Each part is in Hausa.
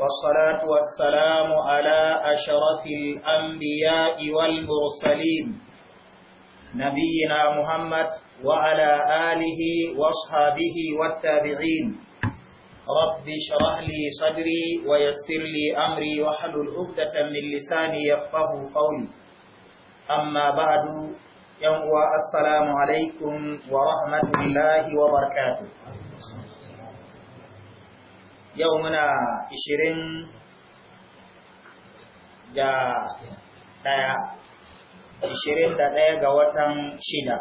والصلاة والسلام على أشرف الأنبياء والمرسلين نبينا محمد وعلى آله واصحابه والتابعين رب اشرح لي صدري ويسر لي أمري واحلل عقدة من لساني يفقه قولي أما بعد يوم السلام عليكم ورحمة الله وبركاته yau muna ishirin da ɗaya ishirin da daya ga watan shida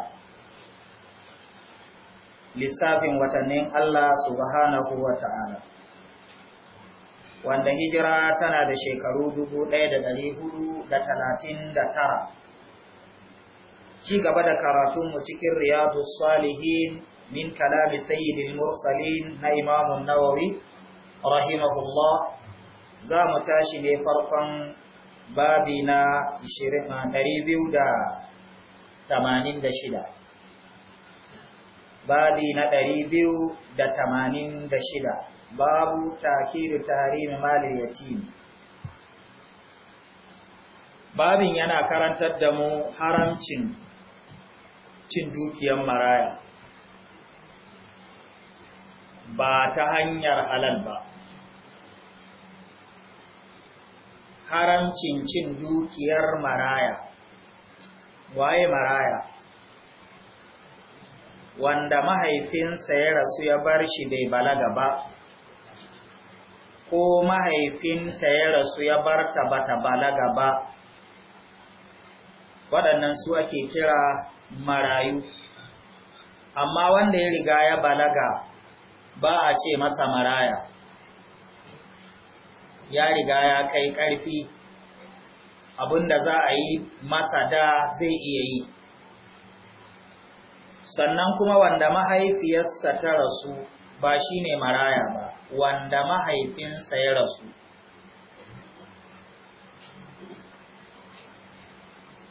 lissafin watannin Allah subhanahu wa ta'ala wanda hijira tana da shekaru dubu ɗaya da ɗari hudu da talatin da tara ci gaba da karatunmu cikin riyadu salihin min kalami sayyidin mursalin na imamun nawawi rahimahullah za mu tashi ne farkon babi na 286 babi na 286 babu takiru tarihin malin yatim babin yana karantar da mu haramcin cin dukiyar maraya ba ta hanyar halal ba haramcin cin dukiyar maraya waye maraya wanda mahaifinsa ya rasu ya bar shi bai balaga ba ko mahaifinta ya rasu ya bar ta bata balaga ba waɗannan su ake kira marayu amma wanda ya riga ya balaga ba a ce masa maraya ya riga ya kai ƙarfi abinda za a yi masa da zai iya yi sannan kuma wanda mahaifiyarsa ta rasu ba shi ne maraya ba wanda mahaifinsa ya rasu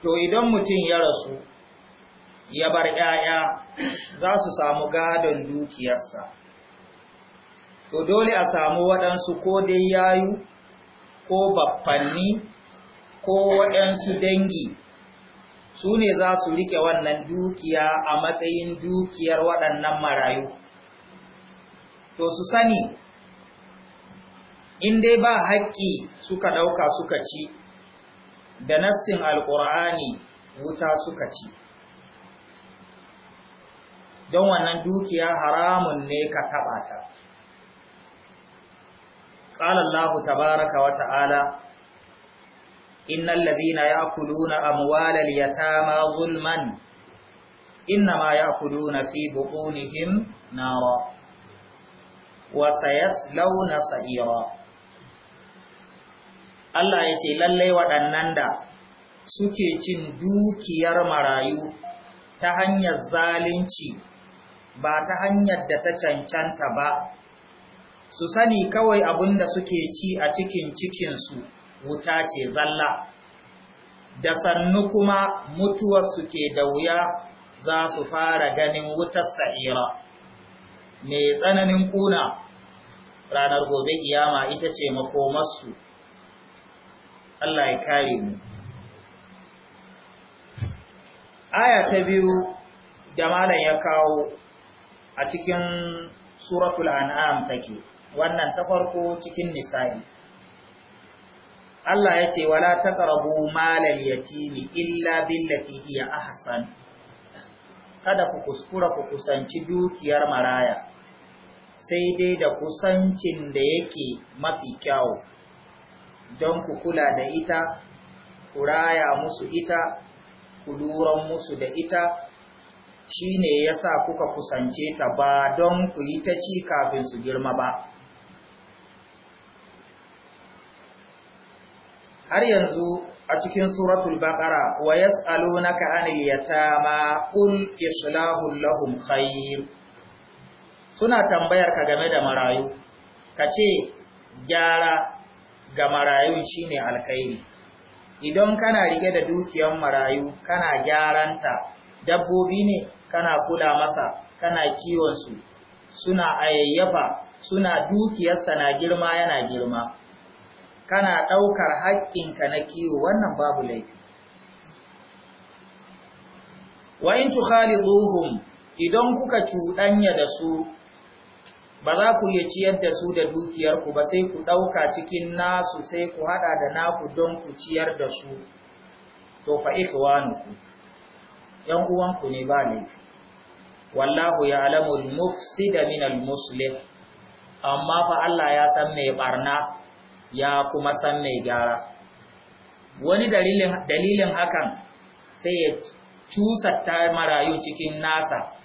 to idan mutum ya rasu ya bar ‘ya'ya za su samu gadon dukiyarsa to dole a samu waɗansu ko dai yayu ko baffanni ko waɗansu dangi su ne za su riƙe wannan dukiya a matsayin dukiyar waɗannan marayu to su sani in dai ba haƙƙi suka ɗauka suka ci da nassin alƙur'ani wuta suka ci don wannan dukiya haramun ne ka taɓa ta. قال الله تبارك وتعالى إن الذين يأكلون أموال اليتامى ظلما إنما يأكلون في بطونهم نارا وسيسلون سعيرا Allah ya ce lallai waɗannan da suke cin dukiyar marayu ta hanyar zalunci ba ta hanyar da ta cancanta ba su sani kawai abin da suke ci a cikin cikinsu wuta ce zalla da sannu kuma mutuwar suke da wuya za su fara ganin wutar sa'ira mai tsananin kuna ranar gobe kiyama ita ce makomarsu Allah ya kare mu aya ta biyu da malam ya kawo a cikin suratul an'am take wannan ta farko cikin nisa'i Allah ya ce wala taqrabu malal yatimi illa billati hiya ahsan kada ku kuskura ku kusanci dukiyar maraya sai dai da kusancin da yake mafi kyau don ku kula da ita ku raya musu ita ku lura musu da ita shine yasa kuka kusance ta ba don ku yi ta ci kafin su girma ba har yanzu a cikin suratul baqara wa yas'alunaka 'anil yatama qul islahu lahum khair suna tambayar ka game da marayu kace gyara ga marayun shine alkhairi idan kana rige da dukiyar marayu kana gyaranta dabbobi ne kana kula masa kana kiwon su suna ayayyafa suna dukiyarsa na girma yana girma kana ɗaukar haƙƙinka na kiwo wannan babu laifi wa in zuhun, idan kuka cuɗanya da su ba za ku iya ciyar da su da dukiyarku ba sai ku ɗauka cikin nasu sai ku haɗa da naku don ku ciyar da su to fa ikhwanuku yan uwanku ne ba ne wallahu ya'lamu al-mufsida min al-muslih amma fa Allah ya san mai barna ya kuma san mai gyara wani dalilin hakan sai ya cusa ta marayu cikin nasa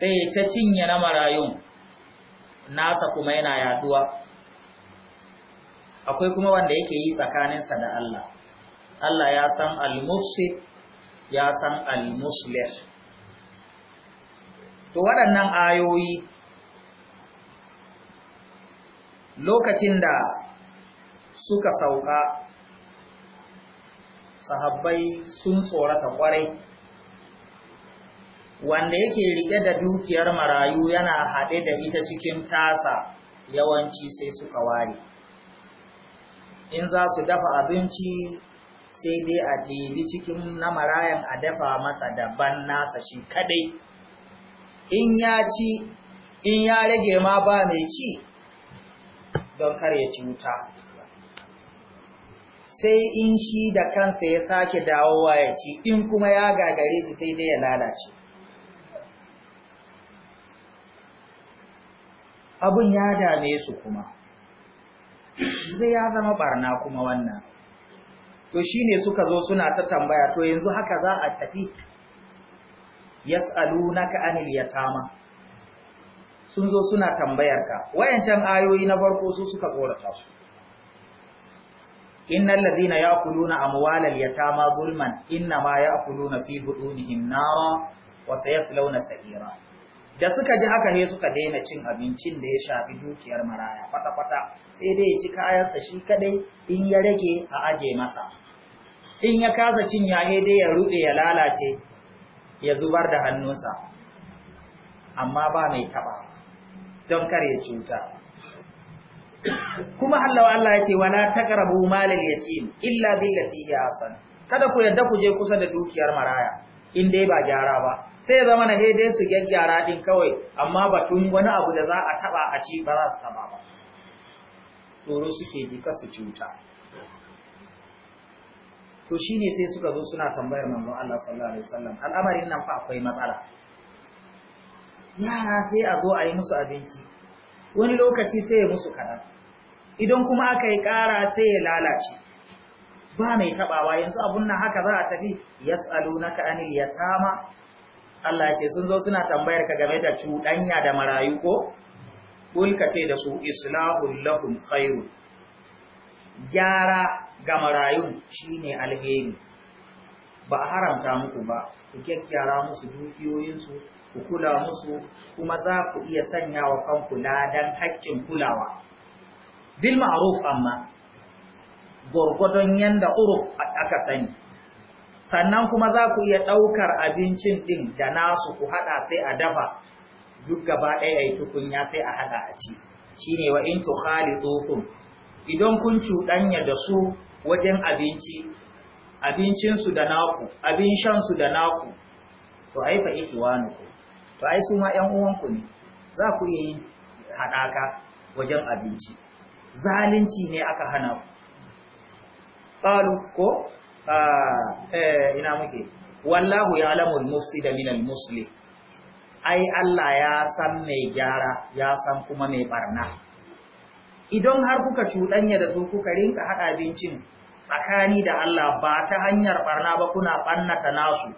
sai ya ta cinye na marayun nasa kuma yana yaduwa akwai kuma wanda yake yi tsakaninsa da Allah Allah ya san al-mufsid ya san al-muslih to waɗannan ayoyi lokacin da suka sauka sahabbai sun tsorata kwarai wanda yake riƙe da dukiyar marayu yana haɗe da ita cikin tasa yawanci sai suka ware in za su dafa abinci sai dai a ɗebi cikin na marayan a dafa masa daban nasa shi kadai in ya ci in ya rage ma ba mai ci don kar ya ci wuta sai in shi da kansa ya sake dawowa ya ci in kuma ya gagare su sai dai ya lalace abun ya dame su kuma zai ya zama barna kuma wannan to shi ne suka zo suna ta tambaya to yanzu haka za a tafi yas'alunaka ya tama. sun zo suna tambayarka wayancan ayoyi na farko su suka tsorata su innal ladhina ya'kuluna amwalal yatama zulman innama ya'kuluna fi butunihim nara wa sayaslawna sa'ira da suka ji haka he suka daina cin abincin da ya shafi dukiyar maraya fata-fata, sai dai ya ci kayansa shi kadai in ya rage a aje masa in ya kasa cin ya he dai ya rube ya lalace ya zubar da hannunsa amma ba mai taba don kar ya cuta kuma Allah Allah ya ce wala taqrabu malal yatim illa billati hiya asan kada ku yadda ku je kusa da dukiyar maraya in dai ba gyara ba sai ya zama na he dai su gyaggyara din kawai amma batun wani abu da za a taba a ci ba za su taba ba tsoro suke ji ka su cuta to shine sai suka zo suna tambayar manzo Allah sallallahu alaihi wasallam al'amarin nan fa akwai matsala yara sai a zo a yi musu abinci wani lokaci sai ya musu kaɗan idan kuma aka yi ƙara sai ya lalace ba mai taɓawa yanzu abun nan haka za a tafi ya tsalo na ka'anil ya tama Allah ce sun zo suna tambayar ka game da cuɗanya da marayu ko ƙulka ce da su islahun lahun khairu gyara ga marayu shine alheri ba a haramta muku ba ku gyaggyara musu dukiyoyinsu ku kula musu kuma za ku iya sanya wa kanku ladan haƙƙin kulawa bil ma'ruf amma gwargwadon yanda uruf aka sani sannan kuma za ku iya ɗaukar abincin ɗin da nasu ku haɗa sai a dafa duk gaba ɗaya yi tukunya sai a haɗa a ci shine wa in tukhalidukum idan kun cuɗanya da su wajen abinci abincinsu da naku abin shansu da naku to ai fa ikiwanuku to ai su ma ‘yan uwanku ne za ku yi haɗaka wajen abinci zalunci ne aka hana ku ƙalu ko eh, ina muke wallahu ya alamul mufsi da minal musli ai Allah ya san mai gyara ya san kuma mai barna idan har kuka cuɗanya da su kuka rinka haɗa abincin tsakani da Allah ba ta hanyar barna ba kuna ɓannata nasu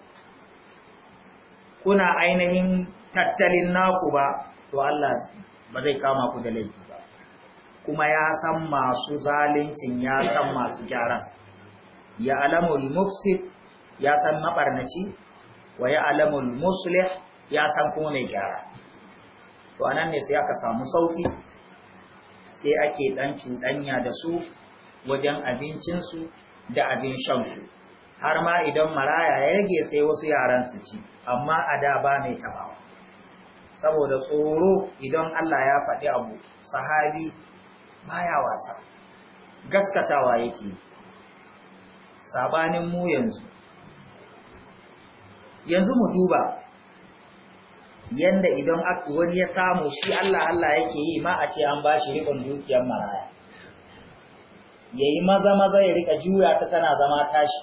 kuna ainihin tattalin naku ba to Allah ba zai kama ku da laifi ba kuma ya san masu zalincin ya san masu gyaran ya alamul mufsid ya san mabarnaci wa ya alamul muslih ya san kuma mai gyara to anan ne sai aka samu sauki sai ake dan cuɗanya da su wajen abincinsu da abin shansu har ma idan maraya ya rage sai wasu yaran su ci amma a da ba mai tabawa saboda tsoro idan Allah ya faɗi abu sahabi baya wasa gaskatawa yake sabanin mu yanzu yanzu mu duba yanda idan wani ya samu shi Allah Allah yake yi ma a ce an bashi rikon dukiyar maraya yayi maza maza ya rika juya ta tana zama tashi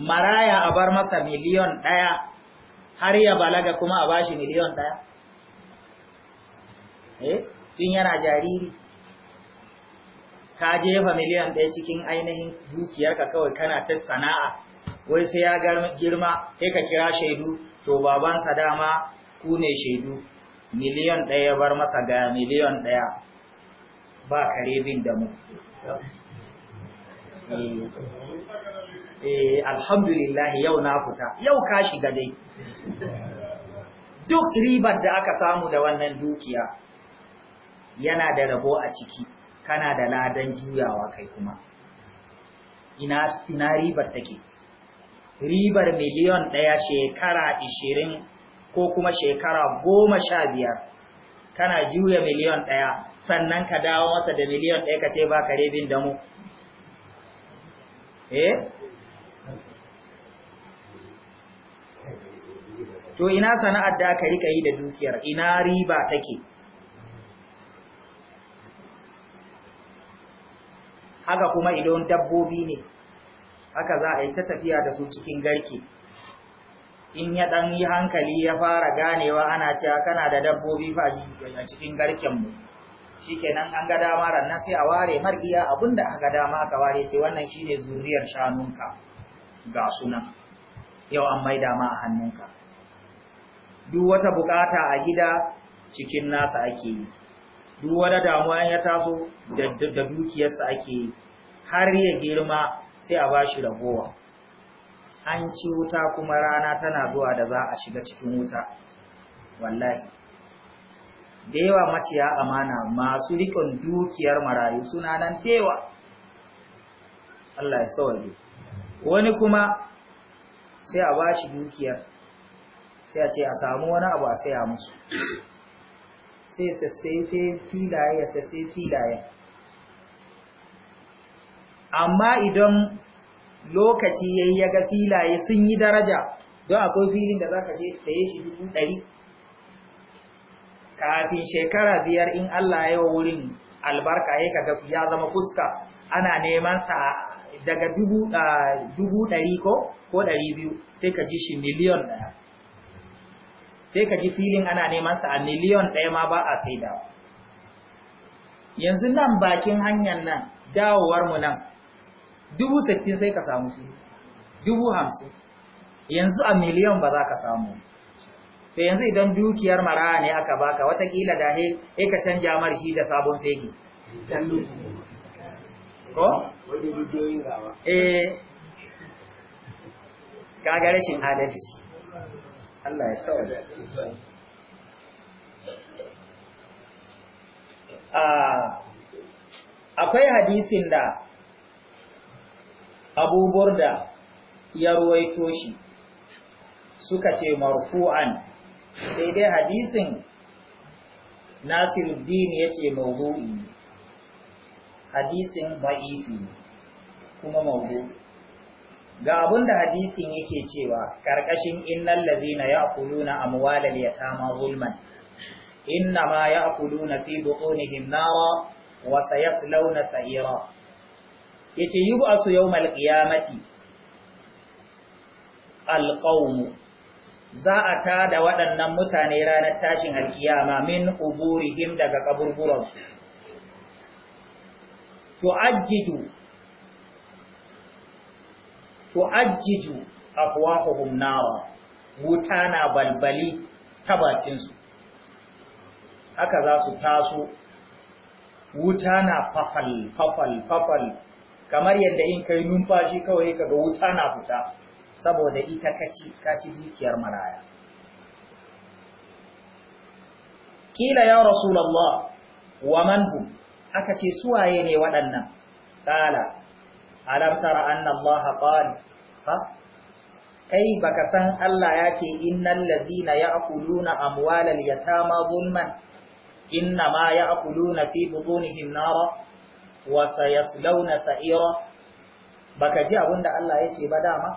maraya a bar masa miliyon ɗaya har ya balaga kuma a bashi miliyon ɗaya eh tun yana jariri ka jefa miliyan ɗaya cikin ainihin dukiyarka kawai kana ta sana'a wai sai ya girma sai ka kira shaidu to babansa dama ku ne shaidu miliyan ɗaya ya bar masa ga miliyan ɗaya ba kare bin da mu eh, eh alhamdulillah yau na fita yau ka shiga dai duk ribar da aka samu da wannan dukiya yana da rabo a ciki kana da ladan juyawa kai kuma ina, ina ribar take ribar miliyon ɗaya shekara ishirin ko kuma shekara goma sha biyar kana juya miliyon ɗaya sannan ka dawo masa da miliyon ɗaya ka ce ba ka mu damu eh to ina sana'ar da aka rika yi da dukiyar ina riba take haka kuma idon dabbobi ne haka za a yi ta tafiya da su cikin garke in ya ɗan yi hankali ya fara ganewa ana cewa kana da dabbobi fa a cikin garkenmu shi kenan an ga dama rannan sai a ware mar'iya abinda aka dama aka ware ce wannan shine zuriyar shanunka ga sunan yau an maida ma a hannunka duk wata bukata a gida cikin nasa ake yi duk wata damuwa ya taso da dukiyarsa ake yi har ya girma sai a bashi ragowa an ci wuta kuma rana tana zuwa da za a shiga cikin wuta wallahi da yawa maciya amana masu rikon dukiyar marayu suna nan tewa Allah ya wani kuma sai a bashi dukiyar sai a ce a samu wani abu a saya musu sai filaye ya sassafe filayen amma idan lokaci ya yi yaga filaye sun yi daraja don akwai filin da za ka saye shi dubu ɗari kafin shekara biyar in Allah ya wurin albarka ya kaga ya zama fuska ana neman sa daga dubu ah, ɗari ko ɗari biyu sai ka ji shi miliyon ɗaya sai ka ji filin ana neman sa a miliyon ɗaya ma ba a dawa. yanzu nan bakin hanyar nan dawowar mu nan dubu sittin sai ka samu shi, dubu hamsin yanzu a miliyon ba za ka samu Sai yanzu idan dukiyar mara ne aka baka watakila da he ka canja marshi da sabon fegi ko? eh gare shi adalci Allah ya saurara akwai hadisin da abubuwar da ya ruwaito shi suka ce marfu'an sai dai hadisin nasiruddin ya ce mawdu'i hadisin ba'ifi kuma mawdu'i ga abin da hadisin yake cewa ƙarƙashin innan lazina ya kuluna amwalar ya kama gulman inna ma ya kuluna fi buɗonihim himnawa wasa ya launa sa'ira ya ce yi ba su yau malƙiyamati alƙaunu za a ta da waɗannan mutane ranar tashin alƙiyama min uburihim daga ƙaburburansu tu'ajjidu tu'ajjiju afwahuhum nawa wuta na balbali ta bakinsu haka za su taso wuta na fafal fafal fafal kamar yadda in kai numfashi kawai kaga wuta na fita saboda ita kaci kaci dukiyar maraya kila ya rasulullah wa man hum aka ce suwaye ne waɗannan kala alam tara anna allaha qal ha kai baka san Allah yake innal ladina ya'kuluna amwalal yatama zulman inna ma ya'kuluna fi butunihim nara wa sayaslawna sa'ira baka ji abinda Allah yake ba dama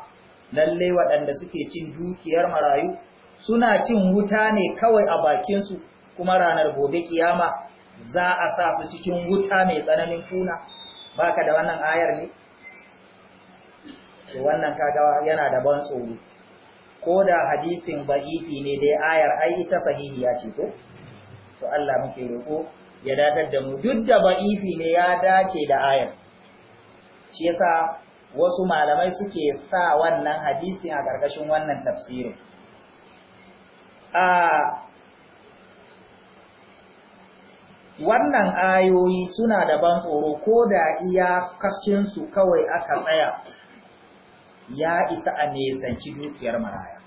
lalle waɗanda suke cin dukiyar marayu suna cin wuta ne kawai a bakin su kuma ranar gobe kiyama za a sa su cikin wuta mai tsananin kuna baka da wannan ayar ne to wannan kaga yana da ban tsoro ko da hadisin ba'ifi ne dai ayar ai ita sahihiya ce ko to Allah muke roƙo ya dadar da mu duk da ba'ifi ne ya dace da ayar shi yasa wasu malamai suke sa wannan hadisin a ƙarƙashin wannan tafsirin a wannan ayoyi suna da ban tsoro ko da iya iyakacinsu kawai aka tsaya ya isa a nesanci dukiyar maraya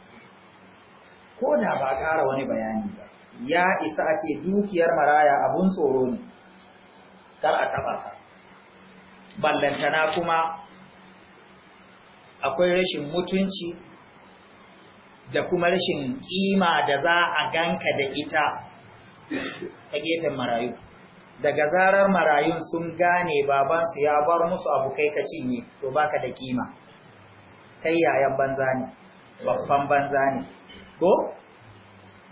ko da ba ƙara wani bayani ba ya isa a ce dukiyar maraya abun tsoro ne kar a taɓa ka ballantana kuma akwai rashin mutunci da kuma rashin ƙima da za a ganka da ita ta gefen marayu daga zarar marayun sun gane babansu ya bar musu abu kai ka cinye to baka da ƙima. kai yayan banza ne babban banza ne ko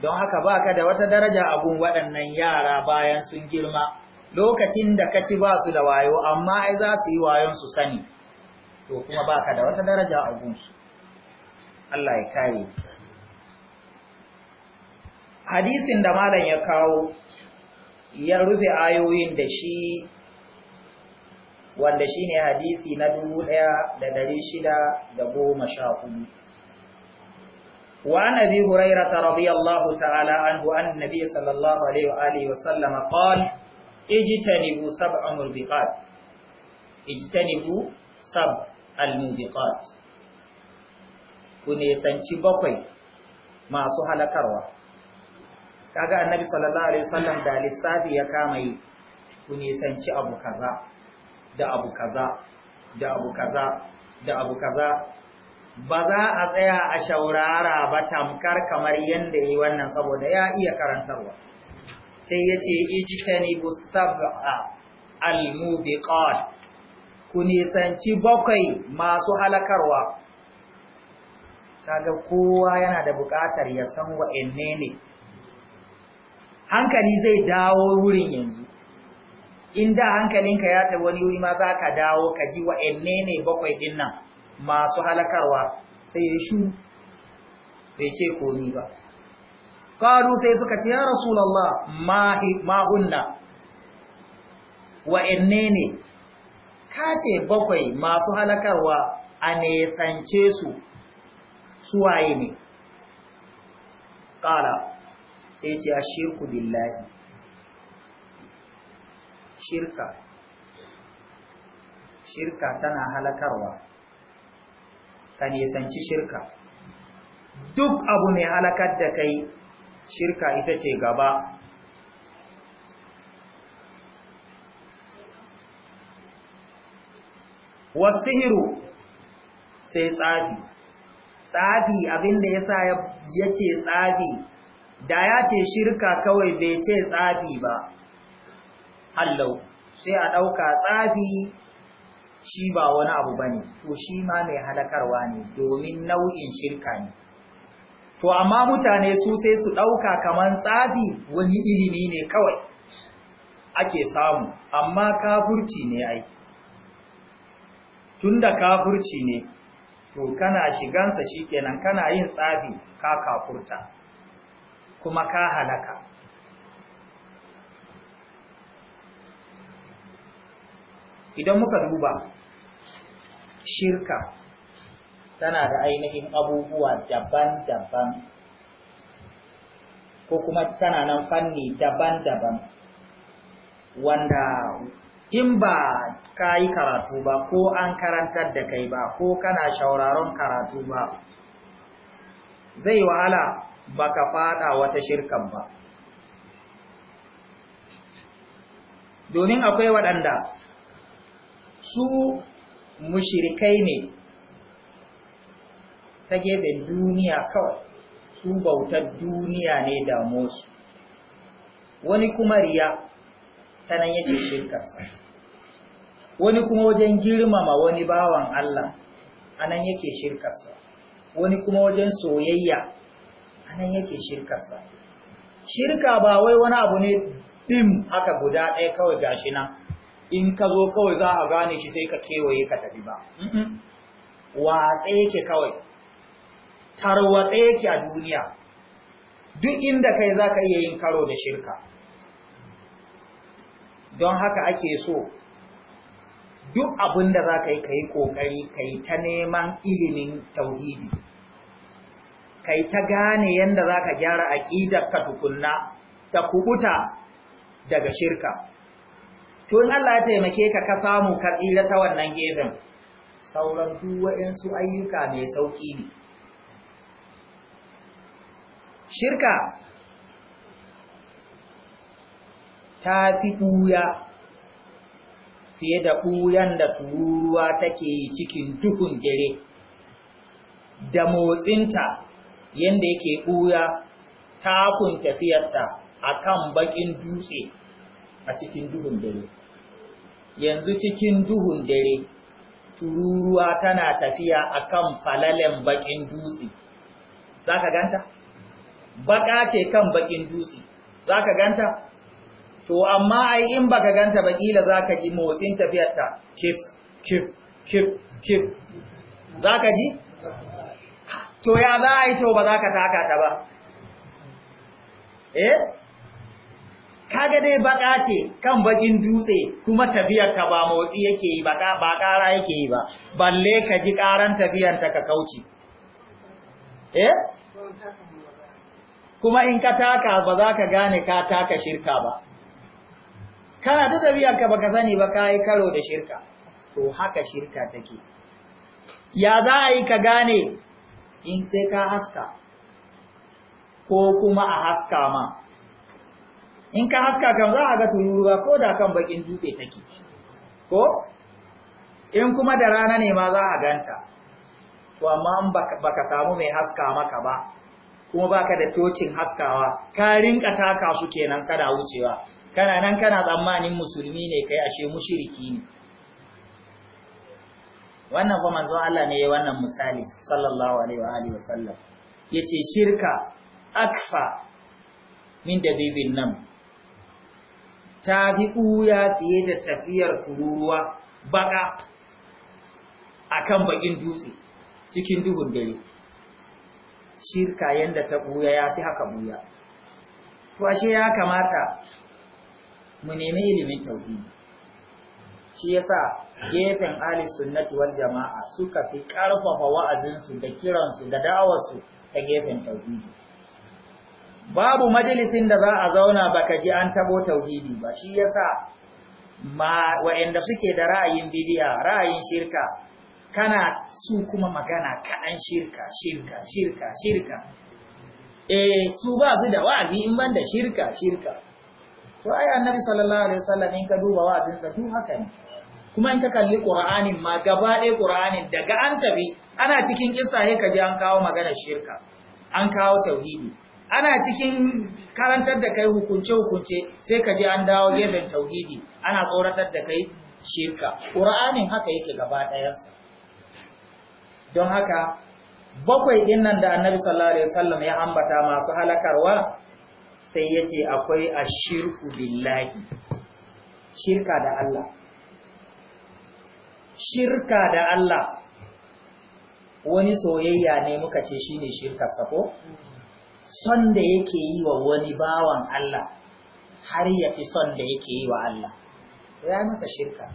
don haka baka da wata daraja abun waɗannan yara bayan sun girma lokacin da kaci ba su da wayo amma ai za su yi wayon su sani to kuma baka da wata daraja abun su Allah ya kare hadisin da malam ya kawo ya rufe ayoyin da shi wanda shine hadisi na dubu ɗaya da ɗari shida da goma sha kudu. Wa nabi Huraira ta rabi ta’ala an huwa an nabi sallallahu Alaihi wasallama kawal, ijitanibu sab al-mubiqat. Ijitanibu sab al-mubiqat. Ku ne tsanci bakwai masu halakarwa. Kaga annabi sallallahu Alaihi wasallam da lissafi ya kama yi, ku nisanci abu kaza. da abu kaza da abu kaza da abu kaza ba za a tsaya a shaurara ba tamkar kamar yadda yi wannan saboda ya iya karantarwa sai ya ce bu sab'a al-mubiqat ku nisanci bakwai masu halakarwa kaga kowa yana da bukatar ya san wa'anne ne hankali zai dawo wurin yanzu in da hankalinka ya tafi wani wuri ma za ka dawo ka ji wa'anne ne bakwai ɗin nan masu halakarwa sai ya shi bai ce komi ba Ƙadu sai suka ce ya rasulallah ma'unna wa'anne ne ka ce bakwai masu halakarwa a nesance su suwaye ne ƙara sai ce a shirku billahi shirka shirka tana halakarwa ka nisanci shirka duk abu mai halakar da kai shirka ita ce gaba wasihiru sai tsafi tsafi abinda ya sa ya ce tsafi da ya ce shirka kawai bai ce tsafi ba allau sai a ɗauka tsafi shi ba wani abu ba ne to shi ma mai halakarwa ne domin nau'in shirka ne to amma mutane su sai su ɗauka kamar tsafi wani ilimi ne kawai ake samu amma kafurci ne ai tunda kafurci ne to kana shigansa shikenan kana yin tsafi ka kafurta kuma ka halaka idan muka duba shirka tana da ainihin abubuwa daban-daban ko kuma tana nan fanni daban-daban wanda in ba ka yi karatu ba ko an karantar da kai ba ko kana shauraron karatu ba zai wahala baka fada wata shirkan ba domin akwai waɗanda su mushirikai ne ta gefen duniya kawai su bautar duniya ne damuwarsu wani kuma riya ta nan yake shirkarsa wani kuma wajen girmama wani bawan Allah a nan yake shirkarsa wani kuma wajen soyayya a nan yake shirkarsa shirka ba wai wani abu ne ɗin haka guda ɗaya kawai gashi nan in ka zo kawai za a gane shi sai ka kewaye ka tafi ba mm-hmm. watsa yake kawai watsa yake a duniya duk inda kai za ka iya yin karo da shirka don haka ake so duk abin da za ka yi ka yi ƙoƙari ka yi ta neman ilimin tauhidi kai ta gane yadda za ka gyara aƙidar ka tukunna ta kubuta daga shirka to Allah ya taimake ka ka samu ka tsira ta wannan gefen sauran su ayyuka mai sauƙi ne shirka ta fi ɓuya fiye da ɓuyan da tururuwa take cikin duhun dare da motsinta yadda yake ɓuya takun tafiyarta akan kan baƙin dutse a cikin duhun dare yanzu cikin duhun dare tururuwa tana tafiya akan falalen bakin dutse zaka ganta baka ce kan bakin dutse zaka ganta to amma ai in baka ganta ba kila zaka ji motsin tafiyarta kif kif kif kif zaka ji to ya za a yi to ba za ka taka ta ba eh kaga dai baka ce kan bakin dutse kuma tafiyar ka ba motsi yake yi ba kara yake yi ba balle ka ji karan tafiyar ta ka kauce eh kuma in ka taka ba za ka gane ka taka shirka ba kana ta tafiyar ka baka sani ba kai karo da shirka to haka shirka take ya za a yi ka gane in sai ka haska ko kuma a haska ma in ka haska kan za a ga ba ko da kan bakin dutse take ko in kuma da rana ne ma za a ganta to amma baka samu mai haska maka ba kuma baka da tocin haskawa ka rinka taka su kenan kana wucewa kana nan kana tsammanin musulmi ne kai ashe mushriki ne wannan kuma manzon Allah ne ya wannan misali sallallahu alaihi wa alihi wasallam yace shirka akfa min dabibin nan Tafi fi ɓuya fiye da tafiyar tururuwa baka a kan bakin dutse cikin duhun dare shirka yadda ta ɓuya ya fi haka ɓuya kwashe ya kamata mu nemi ilimin tauhidi shi ya sa gefen ahli sunnati wal jama'a suka fi ƙarfafa wa'azinsu da kiransu da da'awarsu ta gefen tauhidi babu majalisin da za a zauna baka ji an tabo tauhidi ba shi yasa ma waɗanda suke da ra'ayin bid'a ra'ayin shirka kana su kuma magana kaɗan shirka shirka shirka shirka eh su ba su da wa'azi in ban da shirka shirka to ai annabi sallallahu alaihi wasallam in ka duba wa'azinsa duk haka ne kuma in ka kalli qur'anin ma gaba ɗaya qur'anin daga an tabi ana cikin kissa sai ka ji an kawo magana shirka an kawo tauhidi ana cikin karantar da kai hukunce-hukunce sai ka ji an dawo gefen tauhidi ana tsoratar da kai shirka ƙura'anin haka yake gaba ɗayarsa. don haka bakwai ɗin nan da annabi sallallahu alaihi wasallam ya ambata masu halakarwa sai yace ce akwai ashirku billahi shirka da Allah shirka da Allah wani soyayya ne muka ce shine shirkar sako son da yake yi wa wani bawan Allah har ya fi son da yake yi wa Allah ya masa shirka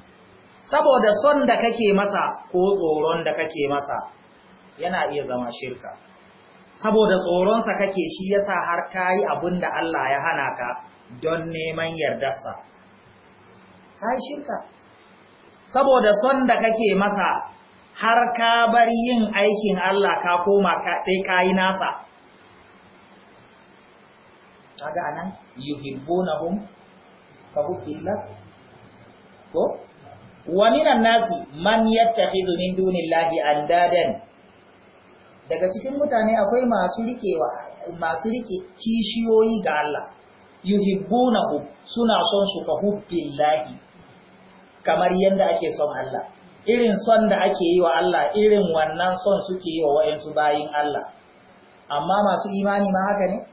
saboda son da kake masa ko tsoron da kake masa yana iya zama shirka saboda tsoronsa kake shi yasa har kayi abin da Allah ya hana ka don neman yardarsa kai shirka saboda son da kake masa har ka bar yin aikin Allah ka koma sai kayi nasa kaga anan yuhibbunahum ka hubbillah ko wa minan nasi man yattakhidhu min dunillahi andadan daga cikin mutane akwai masu rikewa masu rike kishiyoyi ga Allah yuhibbunahu suna son su ka hubbillahi kamar yanda ake son Allah irin son da ake yi wa Allah irin wannan son suke yi wa waɗansu bayin Allah amma masu imani ma haka ne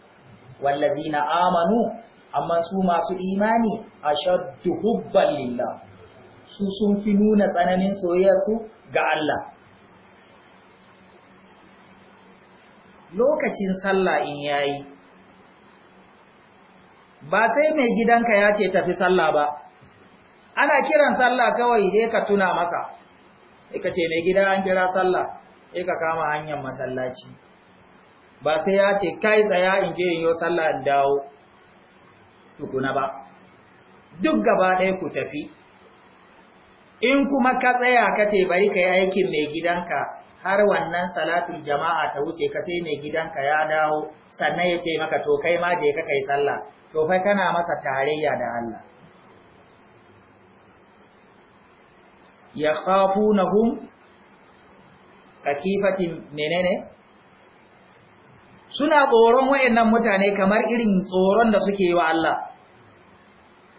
na amanu amma su masu imani a shaddu hubban lillah su sun fi nuna tsananin soyayyarsu ga Allah lokacin sallah in yayi ba sai mai gidanka ya ce tafi sallah ba ana kiran sallah kawai dai ka tuna masa sai ka ce mai gida an kira sallah sai ka kama hanyar masallaci ba sai ya ce kai tsaya in je in yi sallah in dawo tukuna ba duk gaba ɗaya ku tafi in kuma ka tsaya ka ce bari ka yi aikin mai gidanka har wannan salatul jama'a ta wuce ka sai mai gidanka ya dawo sannan ya ce maka to kai ma je ka kai sallah to fa kana masa tarayya da Allah ya khafunahum akifatin menene suna tsoron wayan mutane kamar irin tsoron da suke yi wa Allah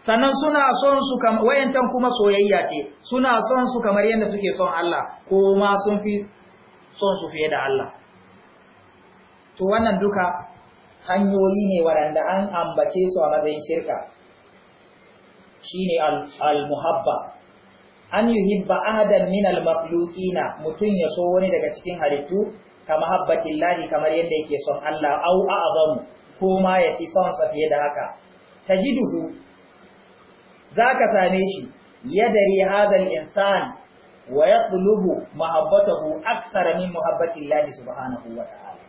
sannan suna son su kamar wayancan kuma soyayya ce suna son su kamar yadda suke son Allah ko ma sun fi son su fiye da Allah to wannan duka hanyoyi ne waɗanda an ambace su a matsayin shirka shine al-muhabba an yuhibba ahadan min al-makhluqina mutun yaso wani daga cikin halittu ka mahabbatillahi kamar yadda yake son Allah au abamu ko ma yafi son sa fiye da haka za zaka same shi yadari hadal insan wa yatlubu mahabbatahu aksara min mahabbatillahi subhanahu wa ta'ala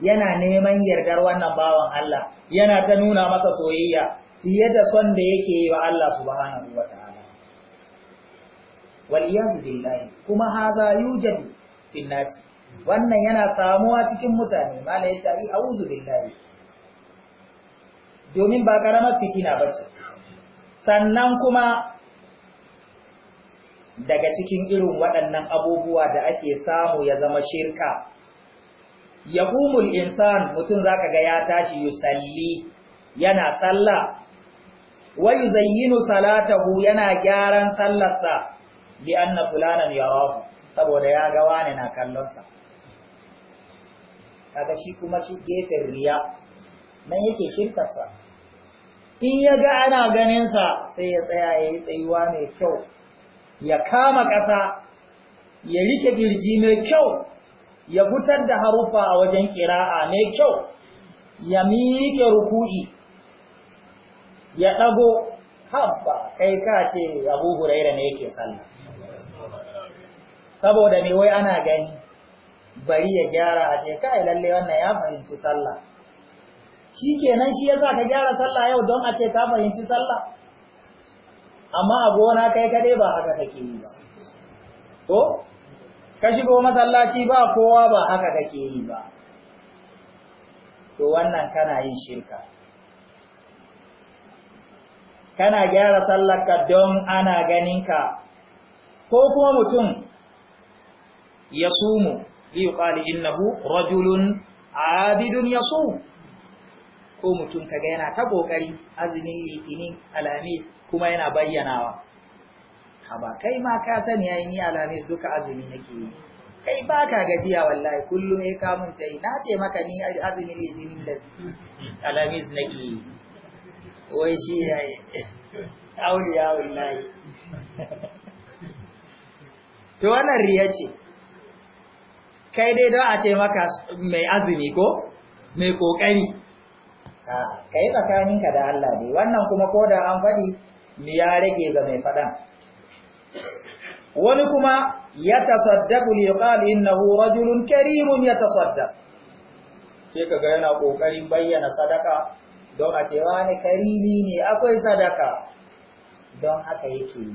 yana neman yardar wannan bawan Allah yana ta nuna masa soyayya fiye da son da yake yi wa Allah subhanahu wa ta'ala wal billahi kuma haza yujadu fil nasi wannan yana samuwa cikin mutane mala ya ce wuzu bin billahi domin ba ƙaramar fitina bace sannan kuma daga cikin irin waɗannan abubuwa da ake samu ya zama shirka umul insan mutum zaka ga ya tashi yusalli yana sallah wa yuzayyinu salatahu yana gyaran sallarsa bi na fulanan yarahu saboda ya ga wani na kallon kaga shi kuma shi gefen riya nan yake shirkarsa in ya ga ana ganinsa sai ya tsaya ya yi tsayuwa mai kyau ya kama ƙasa ya rike girji mai kyau ya fitar da harufa a wajen ƙira'a mai kyau ya miƙe ruku'i ya ɗago haɓɓa kai ka ce abu ne yake sallah saboda me wai ana gani bari ya gyara a ce kai lalle wannan ya fahimci sallah shi kenan shi yasa ka gyara sallah yau don a ce ka fahimci sallah amma a gona kai kaɗai ba haka kake yi ba ko ka shigo masallaci ba kowa ba haka kake yi ba to wannan kana yin shirka kana gyara sallarka don ana ganinka ko kuma mutum ya sumu liyuqali innahu rajulun abidun yasu ko mutum kaga yana ta kokari azumin litinin alamis kuma yana bayyanawa ba kai ma ka sani yayin ni alamis duka azumi nake yi kai ba ka gajiya wallahi kullum eh ka mun tai na ce maka ni azumin litinin da alamis nake yi. wai shi yayi auliya wallahi to wannan riya ce kai dai don a ce maka mai azumi ko mai kokari ka yi tsakaninka da Allah ne wannan kuma ko da an faɗi ya rage ga mai faɗan wani kuma ya tasaddaku na innahu julun karimun yatasaddaq sai kaga yana ƙoƙarin bayyana sadaka don a ce wani karimi ne akwai sadaka don haka yake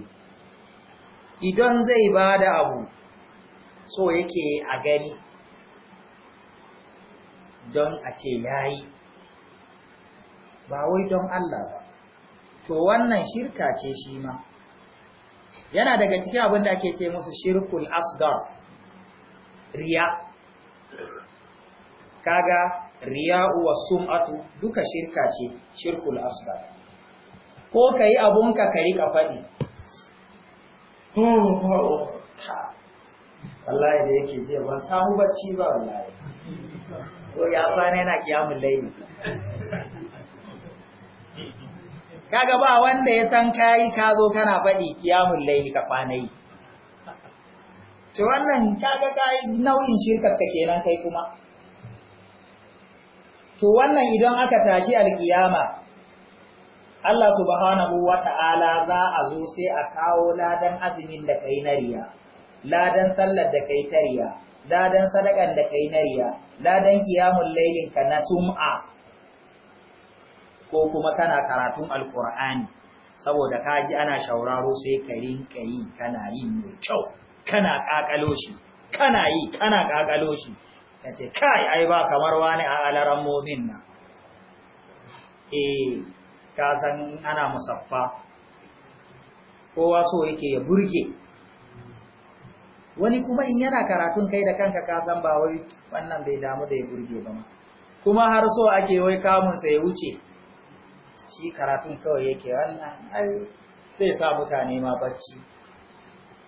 idan zai ba da abu so yake a gani don a ce yayi ba wai don Allah ba to wannan shirka ce shi ma yana daga cikin abin da ake ce musu shirkul asgar riya kaga riya'u wa sum'atu duka shirka ce shirkul asgar ko kai abun ka kai ka fadi oh, oh, oh. wallahi da yake jiya ban samu bacci ba wallahi ko ya kwana yana kiyamu laili kaga ba wanda ya san kayi ka zo kana faɗi kiyamu laili ka kwana yi to wannan kaga kayi nau'in shirka ka kenan kai kuma to wannan idan aka tashi alkiyama Allah subhanahu wa ta'ala za a zo sai a kawo ladan azumin da kai na riya ladan sallar da kai tariya ladan sadakan da kai nariya ladan qiyamul lailin ka na sum'a ko kuma kana karatun alqur'ani saboda ka ji ana shauraro sai ka rinka yi kana yi mai kyau kana kakalo shi kana yi kana kakalo shi kace kai ai ba kamar wani a alaran mu'min na eh ka san ana musaffa kowa so yake ya burge wani kuma in yana karatun kai da kanka ka san ba wai wannan bai damu da ya burge ba kuma har so ake wai kamun sa ya wuce shi karatun kawai yake wannan ai sai sa mutane ma bacci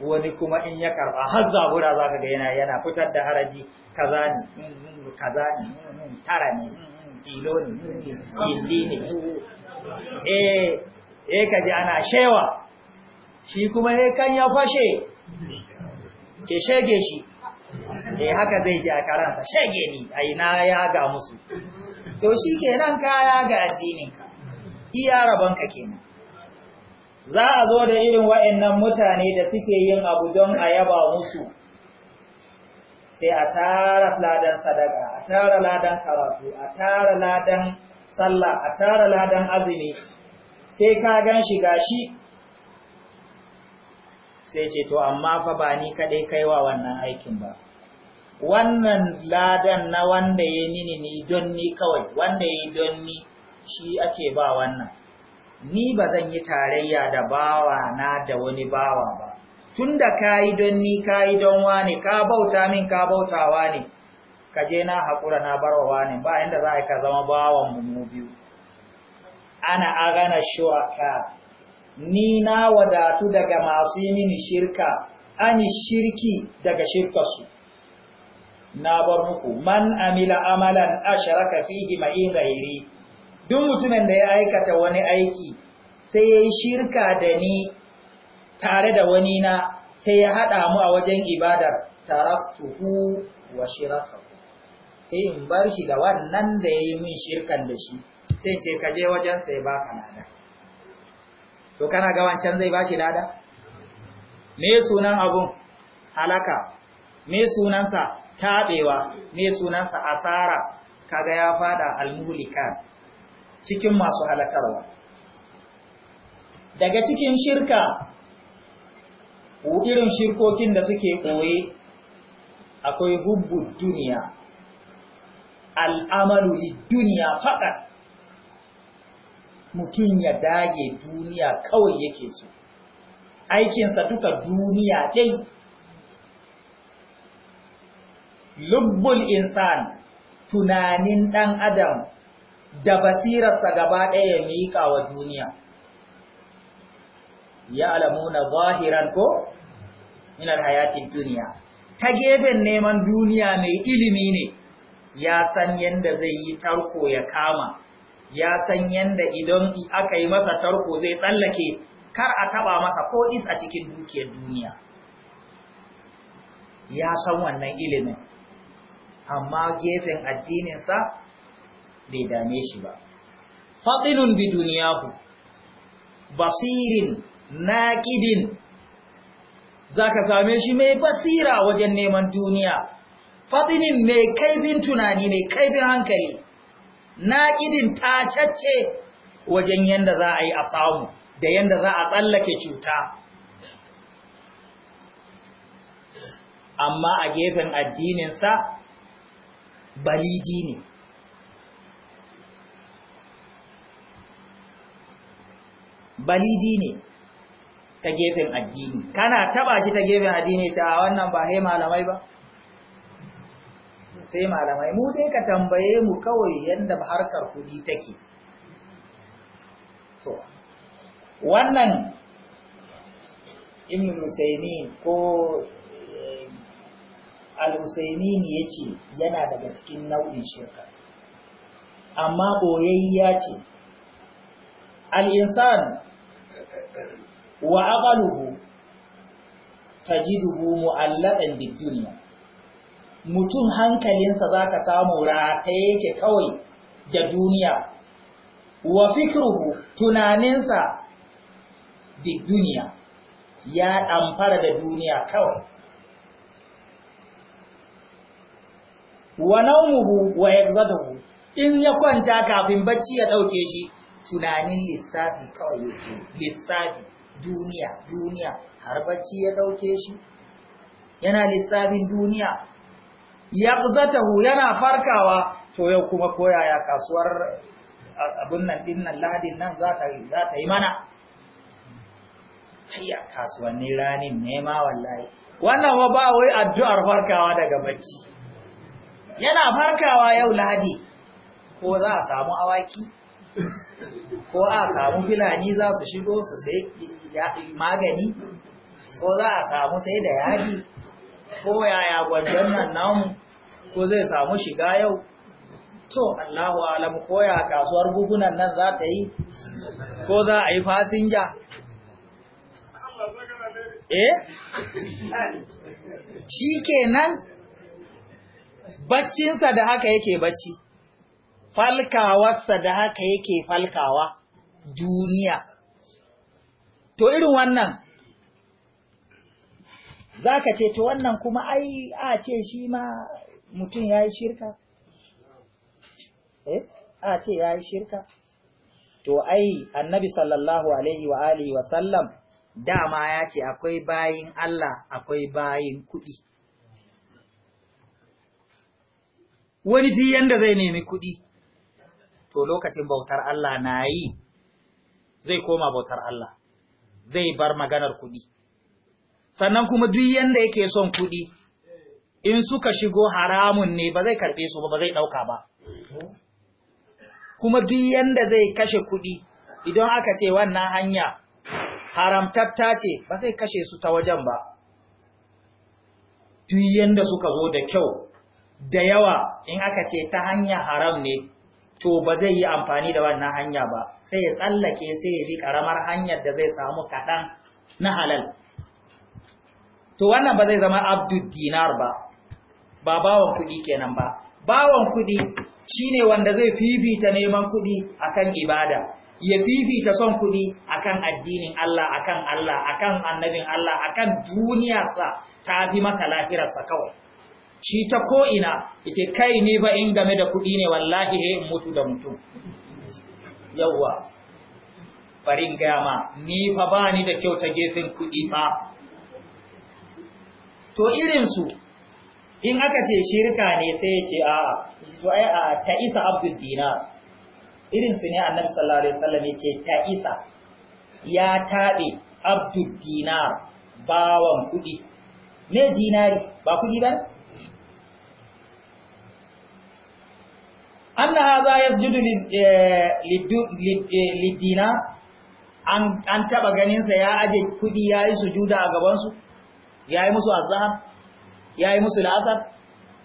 wani kuma in ya karba har zabura zaka ga yana yana fitar da haraji kaza ne mm, mm, kaza ne mm, tara ne kilo ne gindi ne eh eh kaji ana shewa shi kuma eh kan ya fashe ke shege shi eh haka zai ji a karanta shege ni ai na ya ga musu to shi kenan ka ya ga addinin ka iya ka kenan za a zo da irin wa'annan mutane da suke yin abu don a yaba musu sai a tara ladan sadaka a tara ladan karatu a tara ladan sallah a tara ladan azumi sai ka gan shi gashi sai ce to amma fa ba ni kai wa wannan aikin ba wannan ladan na wanda ya mini ni don ni kawai wanda ya yi don ni shi ake ba wannan ni ba zan yi tarayya da bawa na da wani bawa ba Tunda da ka yi don ni ka yi don wane ka bauta min ka bautawa ne ka je na haƙura na barwa wane ba inda za ka zama bawan mu biyu ana agana shuwa ka ni na wadatu daga masu yi mini shirka ani shirki daga shirkarsu na bar muku man amila amalan asharaka fihi ma'in gairi duk mutumin da ya aikata wani aiki sai ya yi shirka da ni tare da wani na sai ya haɗa mu a wajen ibadar taraktuhu wa shiraka sai in bar shi da wannan da ya yi min shirkan da shi sai ce ka je wajen sai baka lada to kana ga wancan zai bashi lada me sunan abun halaka me sunansa tabewa me sunansa asara kaga ya fada almulika cikin masu halakarwa daga cikin shirka irin shirkokin da suke koye akwai hubbu duniya al'amalu duniya fakat mutum ya dage duniya kawai yake so aikinsa duka duniya ɗai. lubbul insan tunanin ɗan adam da basirarsa gaba ɗaya ya miƙa wa duniya ya na zahiran ko da hayatin duniya ta gefen neman duniya mai ilimi ne ya san yadda zai yi tarko ya kama ya san yadda idan aka yi masa tarko zai tsallake kar a taba masa ko is a cikin dukiyar duniya ya san wannan ilimin amma gefen addininsa bai dame shi ba fatilun bi ku. basirin naqidin zaka same shi mai basira wajen neman duniya fatinin mai kaifin tunani mai kaifin hankali na ƙidin tacacce wajen yadda za a yi a samu da yadda za a tsallake cuta amma a gefen addininsa balidi ne balidi ne ta gefen addini kana taba shi ta gefen addini ta wannan ba hai malamai ba sai malamai mu dai ka tambaye mu kawai yadda harkar kudi take so wannan ibnu Husaini ko eh, al-Husaini yace yana daga cikin nau'in shirka amma boyayya ce al-insan wa aqaluhu tajiduhu mu'allaqan bid-dunya mutum hankalinsa za ka samu rata yake kawai da duniya wa fikruhu tunaninsa da duniya ya ɗamfara da duniya kawai wa naumuhu wa yagzaduhu in ya kwanta kafin bacci ya ɗauke shi tunanin lissafi kawai yake lissafi duniya duniya har bacci ya ɗauke shi yana lissafin duniya yaqzatahu yana farkawa to yau kuma koyaya kasuwar abun nan din nan lahadin nan za ta za ta yi mana kayya kasuwanni ranin nema wallahi wannan wa ba wai addu'ar farkawa daga bacci yana farkawa yau lahadi ko za a samu awaki ko a samu filani za su shigo su sai magani ko za a samu sai da yadi ko yaya gwanjon nan namu ko zai samu shiga yau to Allahu alam koya kasuwar gugunan nan za ta yi ko za a yi fasinja eh shikenan baccinsa da haka yake bacci falkawarsa da haka yake falkawa duniya to irin wannan za ka ce to wannan kuma ai a ce shi ma mutum ya yi shirka? Eh, a ce ya yi shirka? To, ai, annabi sallallahu Alaihi wa Alihi wa sallam dama ya ce akwai bayin Allah akwai bayin kuɗi. Wani fi yanda zai nemi kuɗi, to lokacin bautar Allah na yi zai koma bautar Allah, zai bar maganar kuɗi. Sannan kuma duk yanda yake son kuɗi. in suka shigo haramun ne ba zai karbe su ba ba zai ɗauka ba kuma duk yanda zai kashe kuɗi idan aka ce wannan hanya haramtatta ce ba zai kashe su ta wajen ba duk yanda suka zo da kyau da yawa in aka ce ta hanya haram ne to ba zai yi amfani da wannan hanya ba sai ya tsallake sai ya fi ƙaramar hanyar da zai samu kaɗan na halal to wannan ba zai zama abdu dinar ba ba bawan kuɗi kenan ba bawan kuɗi shine wanda zai fifita neman kuɗi akan ibada ya fifita son kuɗi akan addinin Allah akan Allah akan annabin Allah akan duniyarsa ta fi masa lahirarsa kawai shi ta ko ina yake kai ne ba in game da kuɗi ne wallahi he mutu da mutum yawwa farin gama ni fa bani da kyau ta gefen kuɗi ba to irin su in aka ce shirka ne sai ce a'a to ai a ta'isa abdul dinar irin su ne annabi sallallahu alaihi wasallam yake ce ta'isa ya tabe abdul dinar bawan kudi me dinari ba kudi ba anna hadha yasjudu lidina eh, eh, an an taba ganin sa ya aje kudi yayi sujuda a gaban su yayi musu azhar ya yi musu la'asar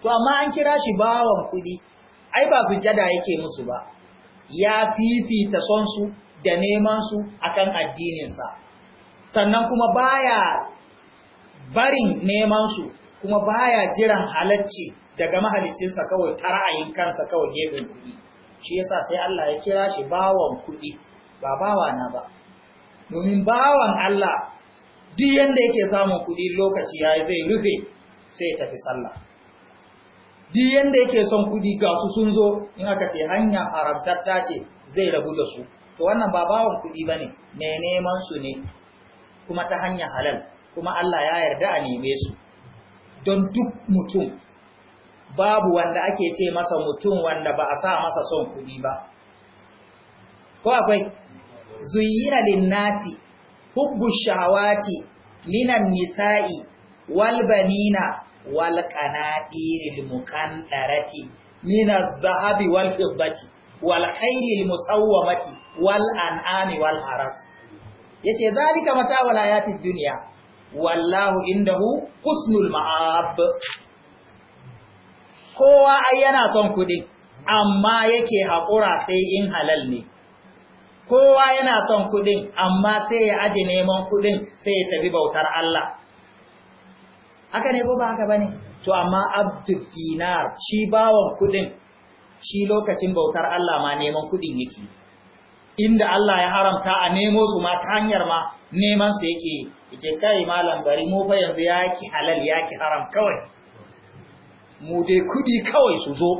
to amma an kira shi bawan kuɗi ai ba su jada yake musu ba ya fifita sonsu da nemansu akan addininsa sannan kuma baya barin nemansu kuma baya jiran halacci daga mahalicinsa kawai ta ra'ayin kansa kawai gefen kuɗi shi yasa sai Allah ya kira shi bawan kuɗi ba bawana ba domin bawan Allah duk yanda yake samun kuɗi lokaci yayi zai rufe sai tafi sallah di yanda yake son kudi ga su sun zo in aka ce hanya haramtatta ce zai rabu da su to wannan ba bawon kudi ne. mai neman su ne kuma ta hanya halal kuma Allah ya yarda a neme su don duk mutum babu wanda ake ce masa mutum wanda ba a sa masa son kudi ba ko akwai zuyina linnasi hubbu shahawati minan nisa'i walbanina walƙanaɗirin muƙanɗarati minar zahabi walfibbati walhairil musawwamati wal'an'ami walharas ya ce zalika mata walayatin duniya wallahu hu, husnul ma'ab kowa ai yana son kuɗi amma yake haƙura sai in halal ne kowa yana son kuɗin amma sai ya aje neman kuɗin sai ya tafi bautar Allah haka ne ko ba haka bane to amma abdul dinar shi bawon kudin shi lokacin bautar Allah ma neman kudin yake inda Allah ya haramta a nemo su ma ta hanyar ma neman su yake yake kai malam bari mu fa yanzu yaki halal yaki haram kawai mu dai kudi kawai su zo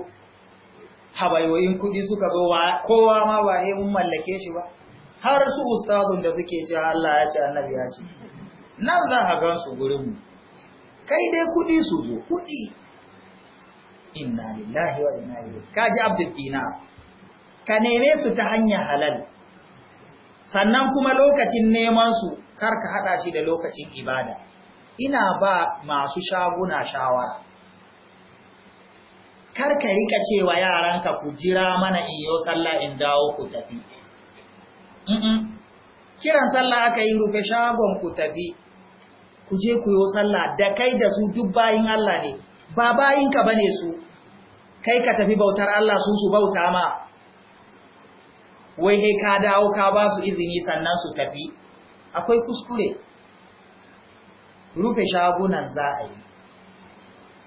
habayoyin kudi suka zo kowa ma ba he mun mallake shi ba har su ustazun da suke cewa Allah ya ce annabi ya ce nan za a gansu gurin mu kai dai kudi su zo kuɗi inna lillahi wa inna ilaihi ka ji abdul ka neme su ta hanya halal sannan kuma lokacin neman su kar ka hada shi da lokacin ibada ina ba masu shaguna shawara kar ka rika cewa yaranka ku jira mana in yo sallah in dawo ku tafi kiran sallah aka yi rufe shagon ku tafi ku je ku yi sallah da kai da su duk bayin Allah ne ba bayinka ba ne su kai ka tafi bautar Allah su su bauta ma wai ka dawo ka ba su izini sannan su tafi akwai kuskure rufe shagunan za a yi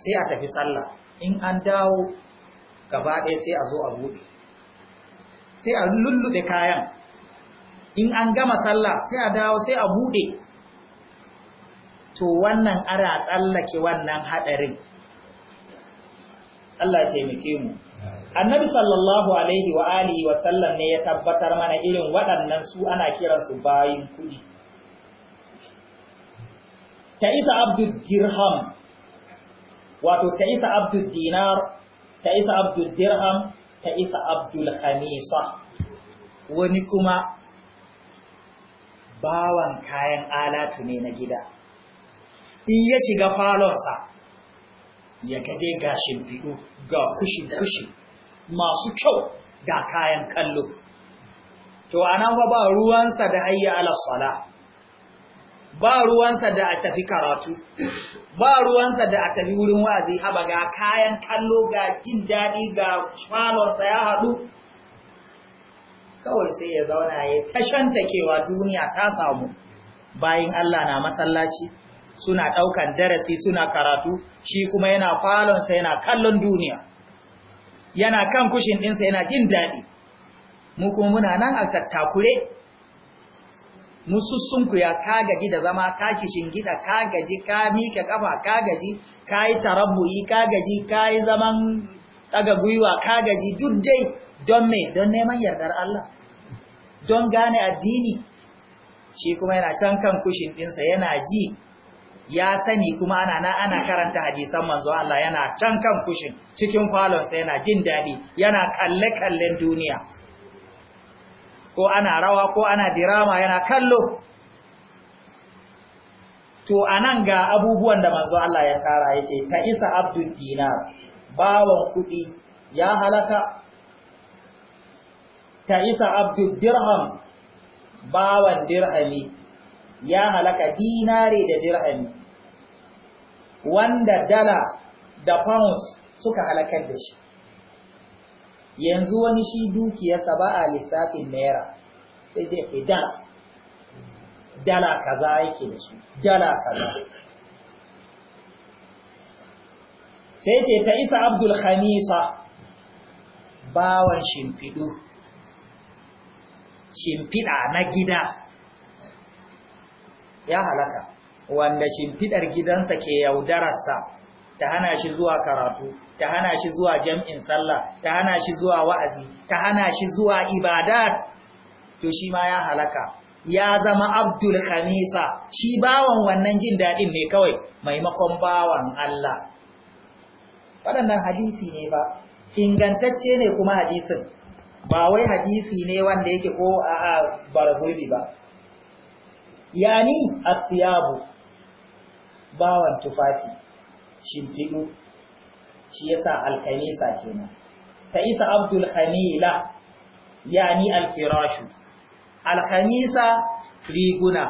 sai a tafi sallah in an dawo gaba ɗaya sai a zo a buɗe sai a lulluɗe kayan in an gama sallah sai a dawo sai a buɗe to wannan ana tsallake wannan haɗarin Allah taimake mu annabi sallallahu alaihi wa alihi wa sallam ne ya tabbatar mana irin waɗannan su ana kiransu bayin kuɗi ta isa abdul dirham wato ta isa abdul dinar ta isa abdul dirham ta isa abdul khamisa wani kuma bawan kayan alatu ne na gida in ya shiga falonsa ya gade ga shimfiɗu ga kushi-kushi masu kyau ga kayan kallo to anan fa ba ruwansa da hayya alasala ba ruwansa da a tafi karatu ba ruwansa da a tafi wurin wazi haba ga kayan kallo ga jin daɗi ga falonsa ya haɗu kawai sai ya zauna ya tashanta kewa duniya ta samu bayan Allah na masallaci suna ɗaukan darasi suna karatu shi kuma yana falonsa yana kallon duniya yana kan kushin ɗinsa yana jin daɗi mu kuma muna nan a tattakure musussunku ya kagaji da zama ka kishin gida kagaji ka mika kafa kagaji ka yi tarabbuyi kagaji ka yi zaman ɗaga gwiwa kagaji duk dai don mai don neman yardar Allah don gane addini shi kuma yana can kan kushin ɗinsa yana ji ya sani kuma ana na ana karanta hadisan manzo Allah yana can kan kushin cikin falon yana jin daɗi, yana kalle kallen duniya ko ana rawa ko ana dirama yana kallo to anan ga abubuwan da manzo Allah ya tara yake ta isa abdul dinar bawan kudi ya halaka ta isa abdul dirham bawan dirhami ya halaka dinare da dirhami wanda dala da pounds suka halakar da shi yanzu wani shi dukiyarsa ba a lissafin naira sai dai ke dala dala kaza yake da shi dala kaza sai ce ta isa abdul khamisa bawan shimfidu shimfiɗa na gida ya halaka wanda shimfidar gidansa ke yaudararsa ta hana shi zuwa karatu ta hana shi zuwa jam'in sallah ta hana shi zuwa wa'azi ta hana shi zuwa ibada, to shi ma ya halaka ya zama abdul khamisa shi bawan wannan jin daɗin ne kawai maimakon bawan Allah waɗannan hadisi ne ba ingantacce ne kuma hadisin ba wai hadisi ne wanda yake ko a a ba yani asiyabu bawan tufafi shimfiɗu shi yasa Alkanisa kenan ta isa abdul khamila ni alfirashu Alkanisa riguna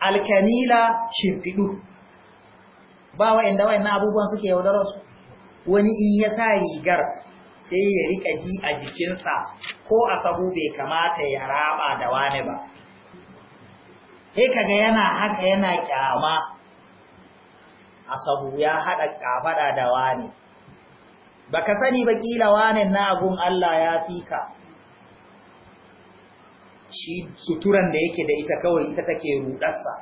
alkamila shimfiɗu ba wa'in na abubuwan suke yaudarar su wani in ya sa rigar sai ya rika ji a jikinsa ko a sabu bai kamata ya raba da wani ba sai kaga yana haka yana kyama asabu ya haɗa kafaɗa da wani baka sani ba kila wani na gun Allah ya fi ka shi suturan da yake da ita kawai ita take rudarsa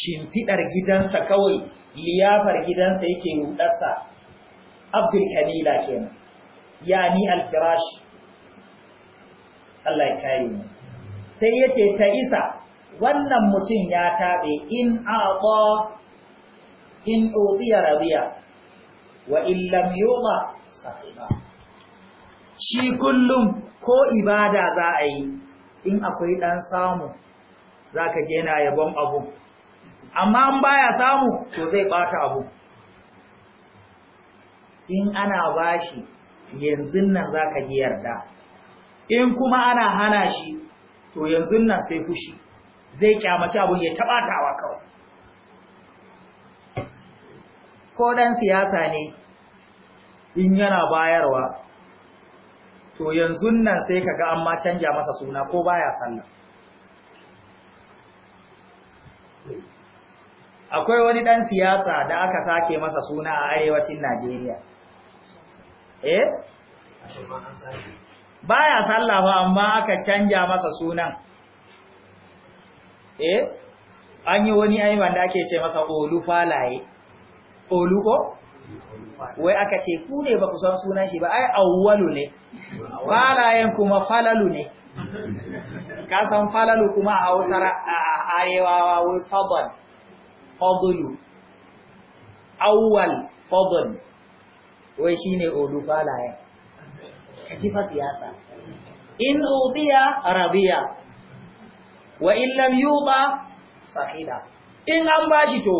shimfidar gidansa kawai liyafar gidansa yake rudarsa abdul kamila kenan yani al-firash Allah ya mu sai yace ta isa wannan mutum ya taɓe in aqa in utiya radiya wa illam yuta sahiba shi kullum ko ibada za a yi in akwai dan samu zaka je na yabon abu amma in baya samu to zai bata abu in ana bashi yanzu nan zaka ji yarda in kuma ana hana shi to yanzu nan sai fushi zai kyamaci abun ya tabatawa kawai ko ɗan siyasa ne in yana bayarwa to yanzu nan sai ka ga amma canja masa suna ko baya sallah akwai wani ɗan siyasa da aka sake masa suna a arewacin najeriya eh baya sallah ba amma aka canja masa sunan eh an yi wani aiban da ake ce masa Olu falaye. Oluko, wai aka ce ku ne ba ku san sunan shi ba ai awwalu ne falayen kuma falalu ne ka san falalu kuma a hausar arewawa wai fadon fadlu awwal fadon wai shi ne olu falayen ka ji siyasa in udiya rabiya wa in lam yuda sahida in an bashi to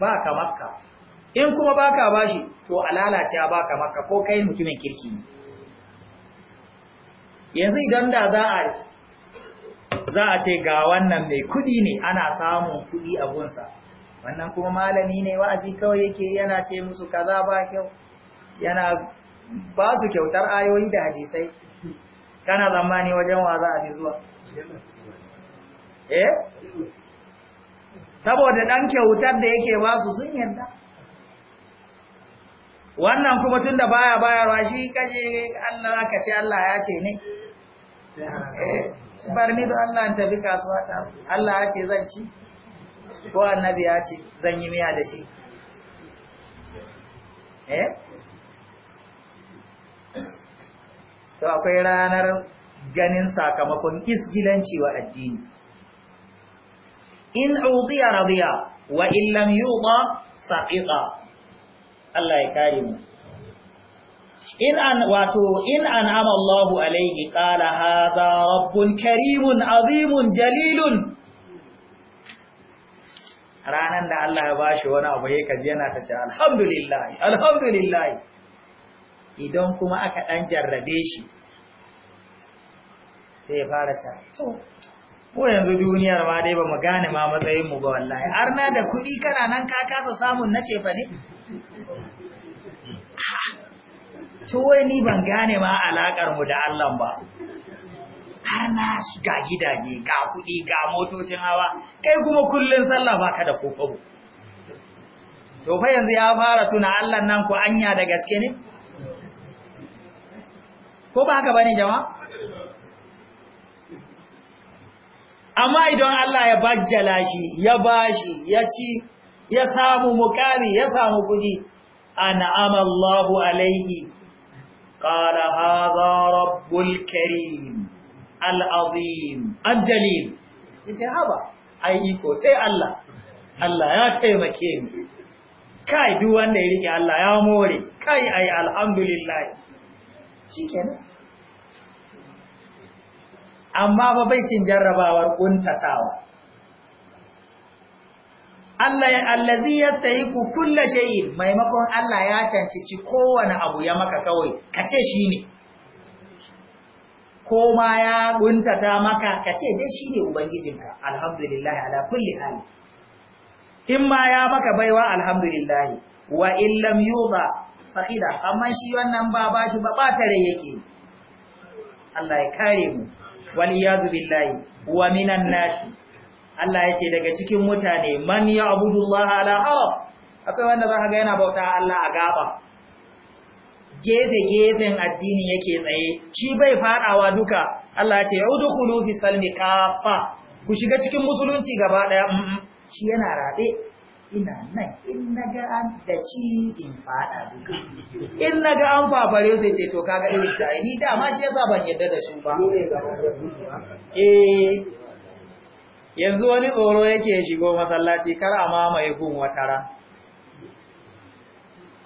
ba ka makka in kuma baka bashi to a lalace a baka maka ko kai mutumin kirki ne yanzu idan da za a ce ga wannan mai kudi ne ana samun kudi a gunsa wannan kuma malami ne wa'azi kawai yake yana ce musu kaza ba kyau yana ba su kyautar ayoyi da hadisai kana zamani wajen wa za a fi zuwa eh? saboda ɗan kyautar da yake ba su sun yarda wannan kuma tun da baya bayarwa shi kaje Allah aka ce Allah ya ce ne eh, bar ni da Allah an bi kasuwa ta Allah ya ce zan ci ko annabi ya ce zan yi miya da shi eh to akwai ranar ganin sakamakon isgilanci wa addini in udiya radiya wa illam yuda saqiqa Allah ya kare mu in an wato in ama Allahu alaihi qala hadha rabbun karimun azimun jalilun ranan da Allah ya bashi wani abu sai kaji yana ta ce alhamdulillah alhamdulillah idan kuma aka dan jarrabe shi sai ya fara ta to ko yanzu duniyar ma dai ba mu gane ma matsayin mu ba wallahi har na da kuɗi kana nan ka kasa samun nace fa ne to wai ni ban gane ma alakar mu da Allah ba har na ga gidaje ga kuɗi ga motocin hawa kai kuma kullun sallah ba ka da ba? to fa yanzu ya fara tuna Allah nan ko anya da gaske ne ko ba haka bane jama'a amma idan Allah ya bajjala shi ya bashi ya ci ya samu mukami ya samu kuɗi ana amallahu alaihi Ƙara hadha rabbul karim al azim haba ai iko sai Allah Allah ya taimake ni kai duk wanda ya riƙe Allah ya more kai ai alhamdulillah amma ba baitin jarrabawar kuntatawa Allah ya allazi yastahiqu kulla shay'in maimakon Allah ya cancici kowane abu ya maka kawai kace shine ko ma ya guntata maka kace dai shine ubangijinka alhamdulillah ala kulli hal in ma ya maka baiwa alhamdulillah wa in lam yuba sahida amma shi wannan ba ba shi ba batare yake Allah ya kare mu wal iyad billahi wa minan nasi Allah ya ce daga cikin mutane man ya Allah ala haram, akwai wanda za ka ga yana bauta Allah a gaba gefe-gefen addini yake tsaye shi bai fadawa duka Allah ya ce udkhulu fi salmi kafa ku shiga cikin musulunci gaba daya shi yana rabe ina nan in naga an ci in fada duka in naga an fafare sai ce to kaga irin da ni da ma shi yasa ban yadda da shi ba eh yanzu wani tsoro yake shigo masallaci kar a mamaye gun wata ran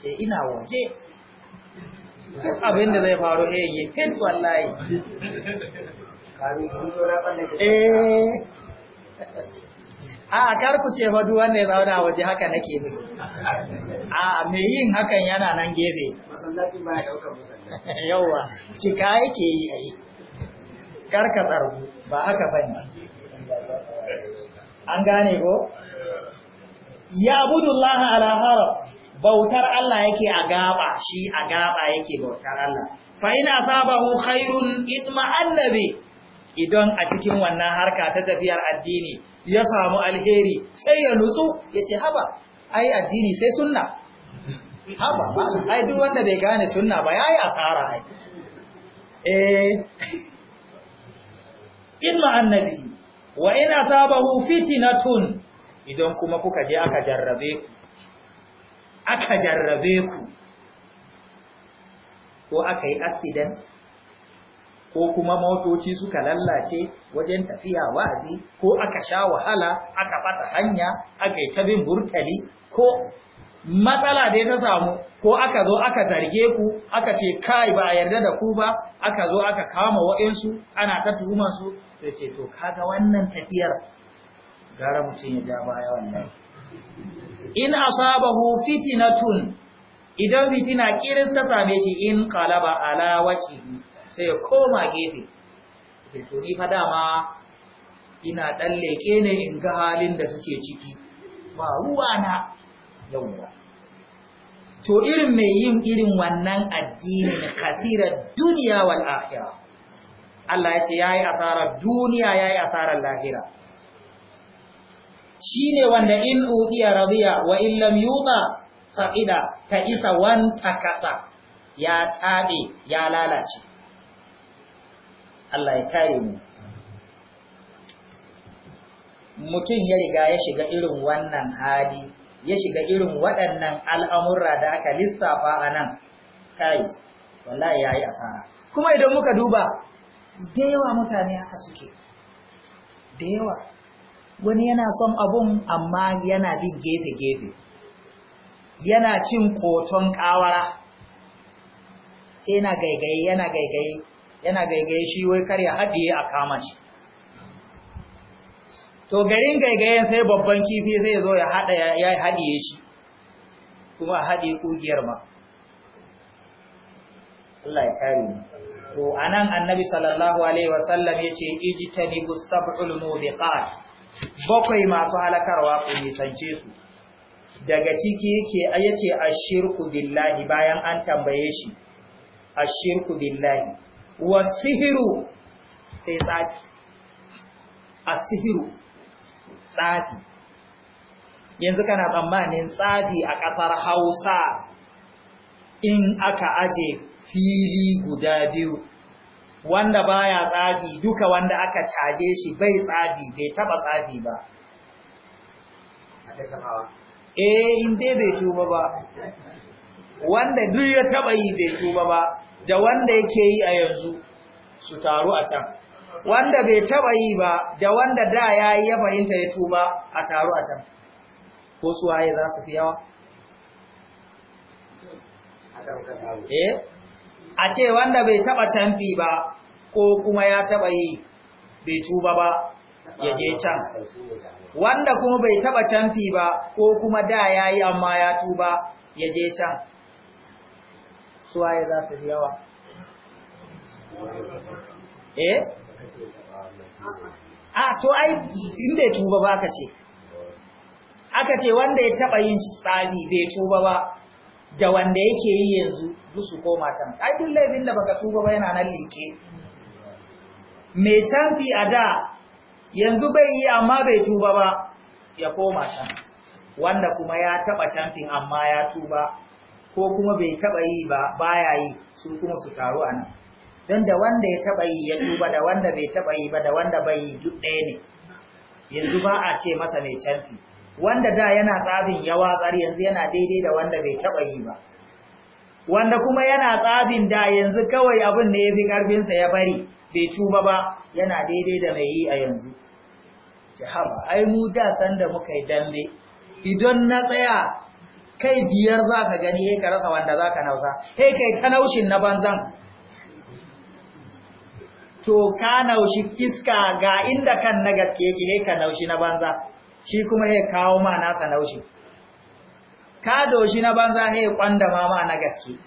ce ina waje duk abin da zai faru eh yi fit wallahi eh. a a kar ku ce fadu wanda ya zauna waje haka nake ne a me yin hakan yana nan gefe yauwa cika yake yi a yi karka tsargu ba haka bane an gane ko ya abudullaha ala haraf bautar Allah yake a gaba shi a gaba yake bautar Allah fa ina sabahu khairun idma annabi idan a cikin wannan harka ta tafiyar addini ya samu alheri sai ya nutsu yace haba ai addini sai sunna haba ba ai duk wanda bai gane sunna ba yayi asara ai eh idma annabi wa ina na fitnatun idan kuma kuka je aka jarrabe ku aka jarrabe ku ko aka yi accident ko kuma motoci suka lallace wajen tafiya wa'azi ko aka sha wahala aka bata hanya aka yi ta bin burtali ko matsala da ta samu ko aka zo aka zarge ku aka ce kai ba a yarda da ku ba aka zo aka kama wa'insu ana ta su. sai ce to kaga wannan tafiyar gara mutum ya ja baya wannan in asabahu fitnatun idan fitina kirin ta same shi in qalaba ala wajhihi sai ya koma gefe to ni fa dama ina dan leke ne in ga halin da suke ciki ba ruwa na to irin mai yin irin wannan addini kasirar duniya wal akhirah Allah ya ce ya yi asarar duniya ya yi asarar lahira shi ne wanda in uɗiya ra'ziya wa illam yuta sa'ida ta isa wanta kasa ya taɓe ya lalace Allah ya kare mu mutum ya riga ya shiga irin wannan hali ya shiga irin waɗannan al'amurra da aka lissafa a nan kai wallahi ya yi asara kuma idan muka duba da yawa mutane haka suke da yawa wani yana son abun amma yana bin gefe-gefe yana cin koton kawara sai yana gaigaye yana gaigaye yana gaigaye shi wai kar ya haɗiye a kama shi to garin gaigayen sai babban kifi zai zo ya haɗa ya haɗiye shi kuma haɗe ƙugiyar ma Allah ya kare mu to anan annabi sallallahu alaihi wasallam yace ijtanibu sab'ul mubiqat bakwai masu halakarwa ku nisance su daga ciki yake ayace ashirku billahi bayan an tambaye shi ashirku billahi wasihiru sai tsafi asihiru tsafi yanzu kana tsammanin tsafi a kasar Hausa in aka aje fili guda biyu wanda baya tsafi duka wanda aka caje shi bai tsafi bai taba tsafi ba eh inde bai tuba ba wanda duk ya taba yi bai tuba ba da wanda yake yi a yanzu su taru a can wanda bai taba yi ba da wanda da yayi ya fahimta ya tuba a taru a can ko su waye za su fi yawa eh a ce wanda bai taba canfi ba ko kuma ya taba yi bai tuba ba ya je can wanda kuma bai taba canfi ba ko kuma da ya yi amma ya tuba ya je can waye za su yawa eh a to ai in bai tuba ba ka ce aka ce wanda ya taba yin tsami bai tuba ba da wanda yake yi yanzu dusu su koma can ai duk laifin da baka tuba ba yana nan like mai canfi a da yanzu bai yi amma bai tuba ba ya koma can wanda kuma ya taba canfin amma ya tuba ko kuma bai taba yi ba baya yi su kuma su taru a nan don da wanda ya taba yi ya tuba da wanda bai taba yi ba da wanda bai yi duk ɗaya ne yanzu ba a ce masa mai canfi wanda da yana tsafin yawa tsari yanzu yana daidai da wanda bai taba yi ba wanda kuma yana tsafin da yanzu kawai abin da ya fi ƙarfinsa ya bari bai tuba ba yana daidai da mai yi a yanzu Jihama, ai mu da sanda muka yi dambe idan na tsaya kai biyar za ka gani he ka rasa wanda za ka nausa he kai kanaushin na banzan to ka naushi kiska ga inda kan na gaske yake he ka naushi na banza shi kuma he kawo ma nasa naushi ka shi na banza he kwanda mama na gaske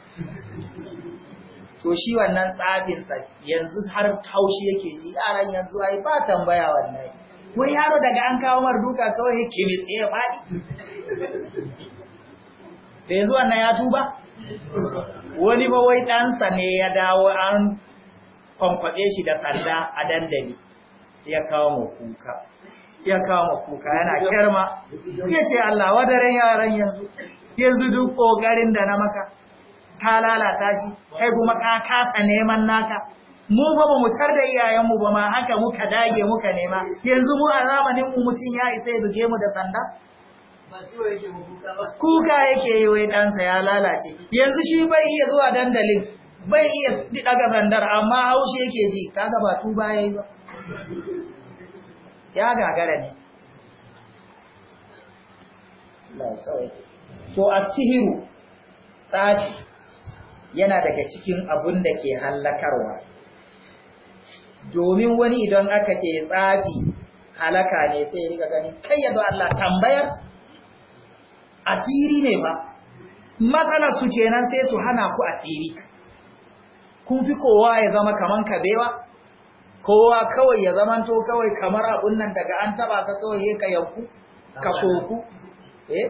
to shi wannan tsabin yanzu har taushi yake ji yaran yanzu ai ba tambaya wannan wai yaro daga an kawo mar duka kawai kimis ya faɗi da yanzu wannan ya tuba wani ba wai ɗansa ne ya dawo an kwankwaɗe shi da sanda a dandali ya kawo mu kuka ya kama kuka yana kyarma ya ce Allah wadaren yaran yanzu yanzu duk ƙoƙarin da na maka ka lalata shi kai kuma ka kasa neman naka mu ba mu tar da iyayenmu ba ma haka muka dage muka nema yanzu mu a zamanin mu mutum ya isa ya buge mu da sanda kuka yake yi wai ɗansa ya lalace yanzu shi bai iya zuwa dandalin bai iya daga bandar amma haushe yake ji kaga ba tuba yi ba ya gagara ne to a sihiru tsafi yana daga cikin abun da ke halakarwa. domin wani idan aka ce tsafi halaka ne sai ya riga ganin kai yadda Allah tambayar asiri ne ba matsalar su kenan sai su hana ku asiri kun fi kowa ya zama kaman kabewa kowa kawai ya zamanto kawai kamar abun nan daga an taba ka kawai he ka yanku ka soku eh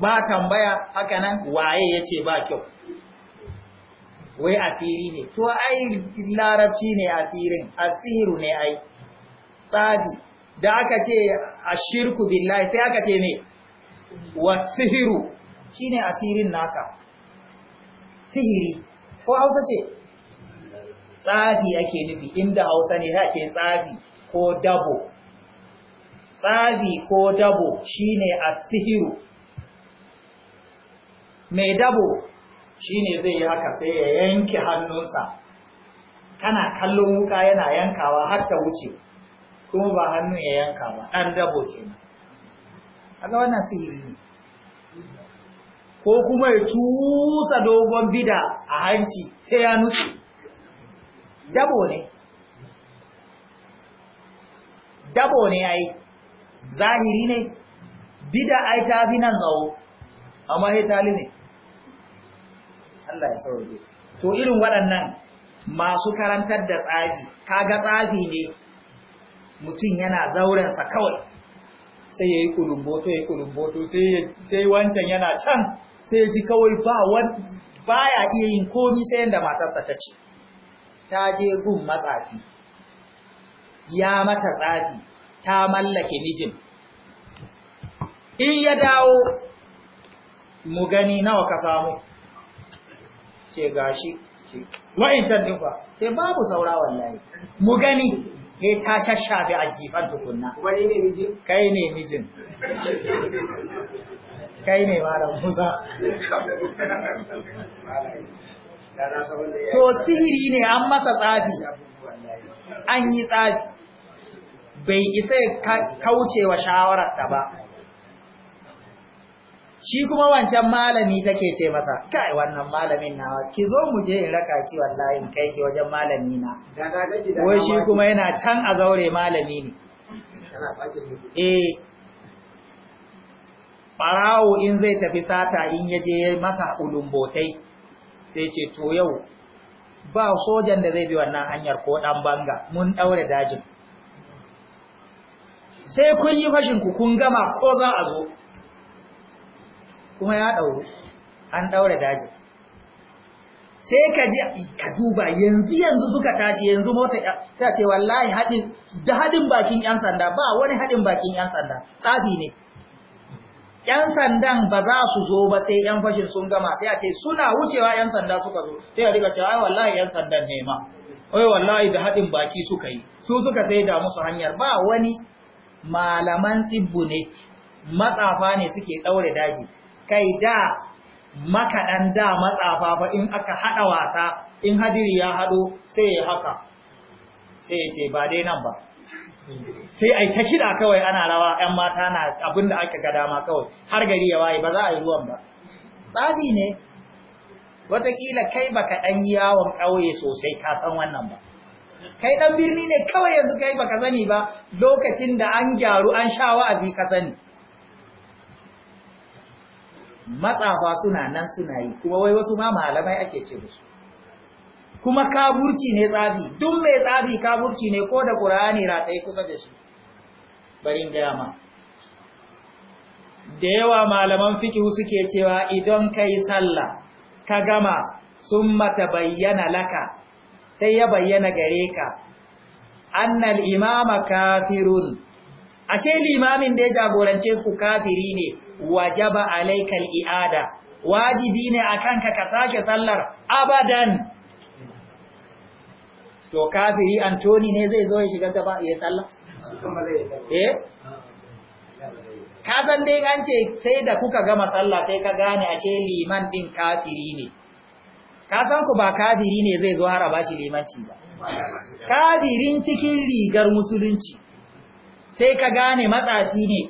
ba tambaya haka nan waye yace ba kyau wai asiri ne to ai larabci ne asirin asiru ne ai tsabi da aka ce ashirku billahi sai aka ce me wasihiru shine asirin naka sihiri ko hausa ce tsafi ake nufi inda hausa ne ke tsafi ko dabo tsafi ko dabo shine asihiru mai dabo shine zai yi haka sai ya yanke hannunsa kana kallon wuka yana yankawa har ta wuce kuma ba hannun ya yanka ba ɗan dabo kenan kaga wannan sihiri ne ko kuma ya tusa dogon bida a hanci sai ya nutse dabo ne dabo ne ai zahiri ne bida ai ta fi nan tsawo amma hitali ne Allah ya sauke to irin waɗannan masu karantar da tsafi kaga tsafi ne mutum yana zaurensa kawai sai ya yi kulumboto ya yi kulumboto sai wancan yana can sai ya ji kawai ba ya iya yin komi sai yadda matarsa ta ce ta je gun matsafi ya mata tsafi ta mallake mijin in ya dawo mu gani nawa ka samu ce gashi wa'incan din ba sai babu saura wallahi mu gani he ta shashafi a jifan tukunna wani ne mijin kai ne mijin kai ne malam musa to sihiri ne an masa tsafi an yi tsafi bai isa ya kaucewa shawararta ba shi kuma wancan malami take ce masa kai wannan malamin nawa ki zo mu je in raka ki wallahi in kai ki wajen malami na wai shi kuma yana can a zaure malami ne eh Ɓarawo in zai tafi sata in yaje masa ulumbotai sai ce to yau ba sojan da zai bi wannan hanyar ko ɗan banga mun daure dajin sai kun yi fashin ku kun gama ko za a zo kuma ya ɗauru an daure dajin sai ka ji ka duba yanzu yanzu suka tashi yanzu mota ta ce wallahi hadin da haɗin bakin 'yan sanda ba wani hadin bakin 'yan sanda tsafi ne ‘yan sandan ba za su zo ba sai ‘yan fashin sun gama sai a ce suna wucewa ‘yan sanda suka zo sai a riga ce ai wallahi ‘yan sandan ne ma ai wallahi da haɗin baki suka yi su suka sai da musu hanyar ba wani malaman tsibbu ne matsafa ne suke ɗaure daji kai da makaɗan da matsafa ba in aka haɗa wasa in hadiri ya haɗo sai ya haka sai ya ce ba dai nan ba sai ai ta kiɗa kawai ana rawa ‘yan mata na abin da aka ga dama kawai har gari ya waye ba za a yi ruwan ba tsabi ne watakila kai baka ɗan yi yawon ƙauye sosai ka san wannan ba kai ɗan birni ne kawai yanzu kai baka sani ba lokacin da an gyaru an sha wa'azi ka sani matsafa suna nan suna yi kuma wai wasu ma malamai ake ce musu kuma kaburci ne tsafi duk mai tsafi kaburci ne ko da ƙura'ani rataye kusa da shi barin gama da yawa malaman fikihu suke cewa idan ka yi sallah ka gama sun mata bayyana laka sai ya bayyana gare ka annal imama kafirun ashe limamin da ya jagorance ku kafiri ne wajaba alaikal i'ada wajibi ne akan ka ka sake sallar abadan to kafiri antoni ne zai zo ya shiga gaba ya sallah eh ka san dai an ce sai da kuka gama sallah sai ka gane ashe liman din kafiri ne ka san ku ba kafiri ne zai zo har shi limanci ba kafirin cikin rigar musulunci sai ka gane matsafi ne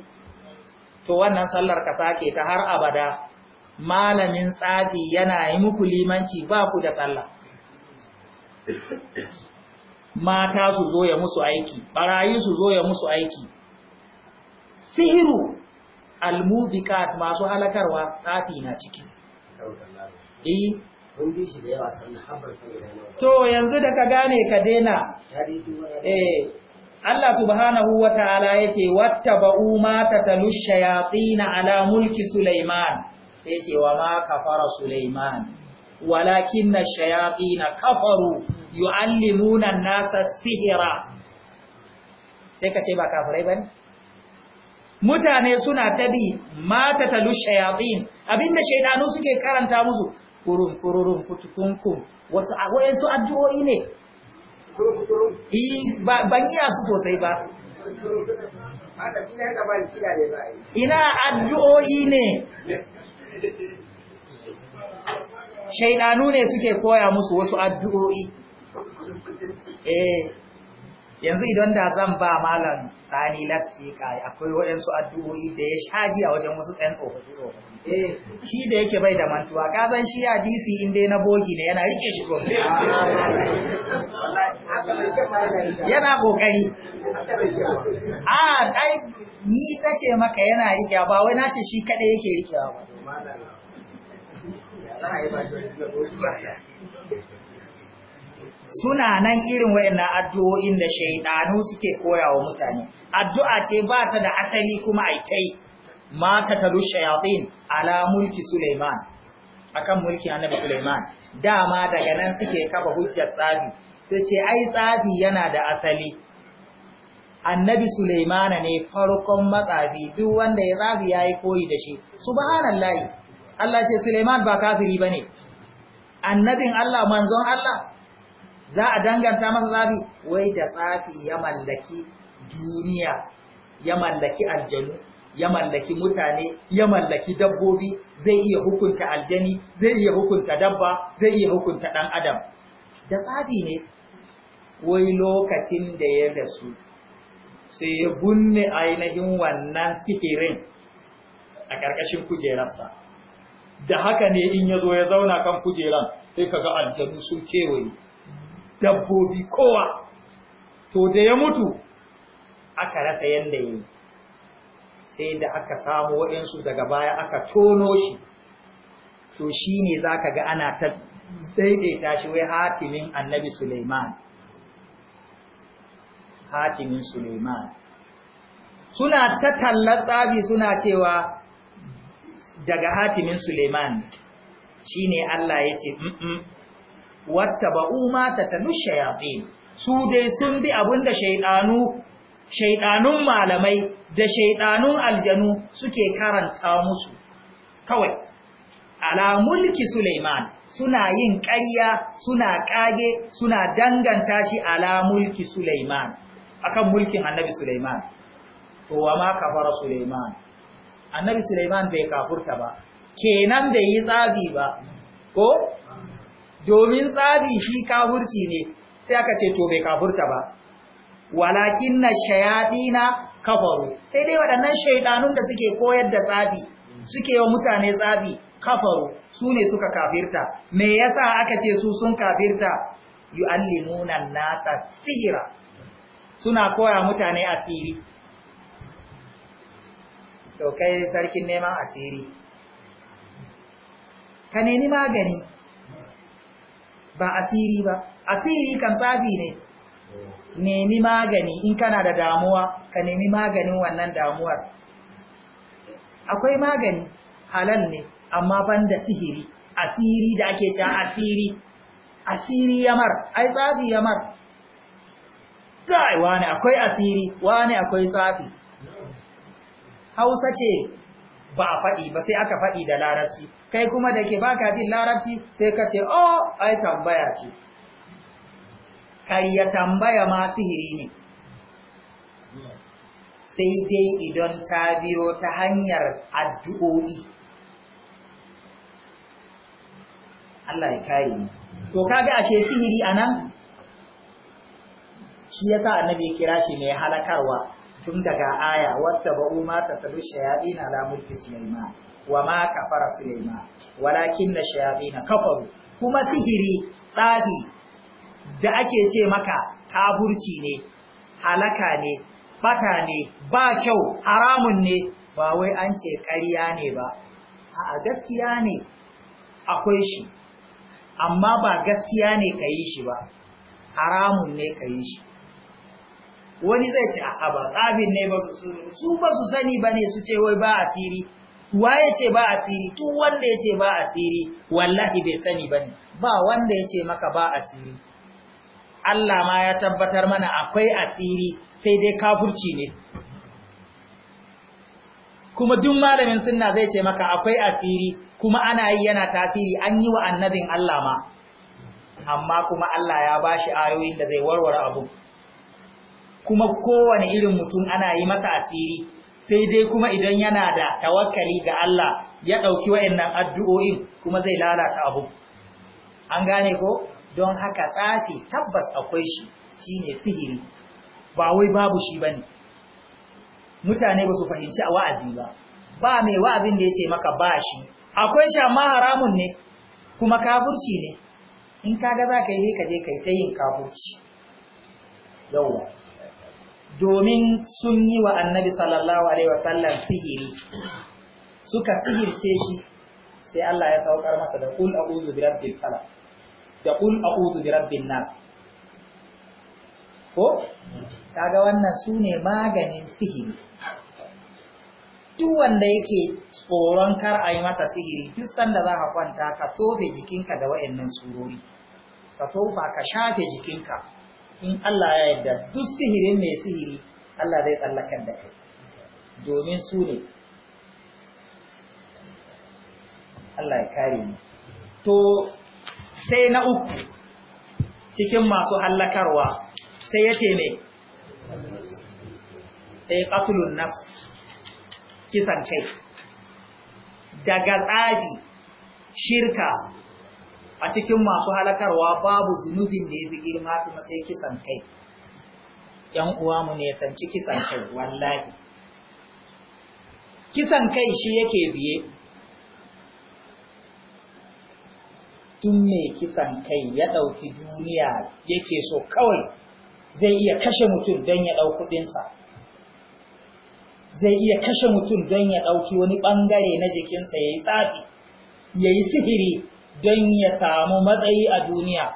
to wannan sallar ka sake ta har abada malamin tsafi yana yi muku limanci ba ku da sallah mata su zo ya musu aiki barayi su zo ya musu aiki sihiru almubiqat masu halakarwa tafi na ciki eh to yanzu da ka gane ka dena eh Allah subhanahu wa ta'ala yake wattaba'u ma tatalush shayatin ala mulki Sulaiman sai ce wa ma kafara Sulaiman walakinna shayatin kafaru yu'allimunan nasa sihira sai ka ce ba kafirai bane mutane suna tabi mata talu shayatin abinda shaydanu suke karanta musu kurun kururun kutukunkum wato awayen su addu'o'i ne ban iya su sosai ba ina addu'o'i ne shaydanu ne suke koya musu wasu addu'o'i eh yanzu idan da zan ba malam sani lasika akwai waɗansu addu'o'i da ya shaji a wajen wasu tsayin tsofaffi tsofaffi eh, shi da yake bai da mantuwa san shi ya in dai na bogi ne yana rike shi gobe yana kokari a dai ni take ce maka yana rike ba wai nace shi kada yake rike ba suna nan irin wayannan addu'o'in da shaidanu suke koyawa mutane addu'a ce ba ta da asali kuma ai aikai ma ta taru shayatin ala mulki Suleiman, akan mulki annabi Suleiman. dama daga nan suke kafa hujjar tsafi sai ce ai tsafi yana da asali annabi suleiman ne farkon matsabi duk wanda ya tsafi yayi koyi da shi subhanallahi Allah ce Suleiman ba kafiri bane annabin Allah manzon Allah za a danganta masa zafi, wai da tsafi ya mallaki duniya ya mallaki aljanu ya mallaki mutane ya mallaki dabbobi zai iya hukunta aljani zai iya hukunta dabba zai iya hukunta dan adam da tsafi ne wai lokacin da ya rasu sai ya bunne ainihin wannan sihirin a ƙarƙashin kujerarsa da haka ne in ya zo ya zauna kan kujeran sai ka ga aljanu sun kewaye dabbobi kowa to da ya mutu aka rasa yadda yi sai da aka samu waɗansu daga baya aka tono shi to shi ne za ka ga ana ta daidaita shi wai hatimin annabi suleiman hatimin suleiman suna ta tallar tsabi suna cewa daga hatimin suleiman shi ne allah ya ce wata ba'u mata ta fi su dai sun bi abinda shaidanu shaidanun malamai da shaidanun aljanu suke karanta musu kawai ala mulki Suleiman suna yin ƙarya suna ƙage suna danganta shi ala mulki Suleiman akan mulkin annabi Suleiman to wa ma kafara Suleiman annabi Suleiman bai kafurta ba kenan bai yi tsabi ba ko domin tsabi shi kafurci ne sai aka ce to bai kafurta ba walakin na na kafaru sai dai waɗannan shaidanun da suke koyar da tsabi suke wa mutane tsabi kafaru su ne suka kafirta me yasa aka ce su sun kafirta yu'allimuna nasa sihira suna koya mutane asiri to kai sarkin neman asiri ka nemi magani ba asiri ba asiri kan tsafi ne nemi magani in kana da damuwa ka nemi maganin wannan damuwar akwai magani halal ne amma banda sihiri asiri da ake can asiri asiri yamar ai tsafi yamar gai wani akwai asiri wani akwai tsafi hausa ce ba a faɗi ba sai aka faɗi da larabci kai kuma da ke baka jin larabci sai ka ce oh ai tambaya ce kariya tambaya ma sihiri ne sai dai idan ta biyo ta hanyar addu'o'i Allah ya kare ni to kaga ashe sihiri anan shi yasa annabi ya kira shi mai halakarwa tun daga aya wata ba'u mata ta tabi shayaɗin na lamurki sulaima wa ma kafara sulaima walakin da na kafaru kuma sihiri tsafi da ake ce maka kaburci ne halaka ne bata ne ba kyau haramun ne ba wai an ce ƙarya ne ba a gaskiya ne akwai shi amma ba gaskiya ne ka yi shi ba haramun ne ka yi shi wani zai ce a ba tsabin ne ba su ba su sani ba ne su ce wai ba asiri waye ce ba asiri duk wanda ya ce ba asiri wallahi bai sani ba ne ba wanda ya ce maka ba asiri Allah ma ya tabbatar mana akwai siri sai dai kafurci ne kuma duk malamin sunna zai ce maka akwai asiri kuma ana yi yana tasiri an yi wa annabin Allah ma amma kuma Allah ya bashi ayoyin da zai warware abu kuma kowane irin mutum ana yi masa asiri sai dai kuma idan yana da tawakkali ga Allah ya ɗauki wayannan addu'o'in kuma zai lalata abu an gane ko don haka tsafi tabbas akwai shi shine sihiri ba wai babu shi bane mutane ba su fahimci a wa'azi ba ba mai wa'azin da ya ce maka ba shi akwai shi amma haramun ne kuma kafurci ne in kaga za ka yi kaje kai ka yi ta yin kafurci yawwa domin sun yi wa annabi sallallahu alaihi wasallam sihiri suka sihirce shi sai Allah ya saukar masa da a'udu a'udhu rabbil falaq da a'udu a'udhu rabbin nas ko kaga wannan sune maganin sihiri duk wanda yake tsoron kar a yi masa sihiri duk sanda za ka kwanta ka tofe jikinka da wayannan surori ka tofa ka shafe jikinka in Allah ya yarda duk sihirin mai sihiri Allah zai tsallakar da kai domin su ne Allah ya kare mu to sai na uku cikin masu hallakarwa sai yace me sai eh, qatlun nafs kisan kai daga tsabi shirka a cikin masu halakarwa babu zunubin da ya fi girma kuma sai kisan kai ‘yan uwanmu ne sanci kisan kai wallahi kisan kai shi yake biye tun mai kisan kai ya ɗauki duniya yake so kawai zai iya kashe mutum don ya ɗau kuɗinsa zai iya kashe mutum don ya ɗauki wani ɓangare na jikinsa ya yi tsafi ya yi sihiri don ya samu matsayi a duniya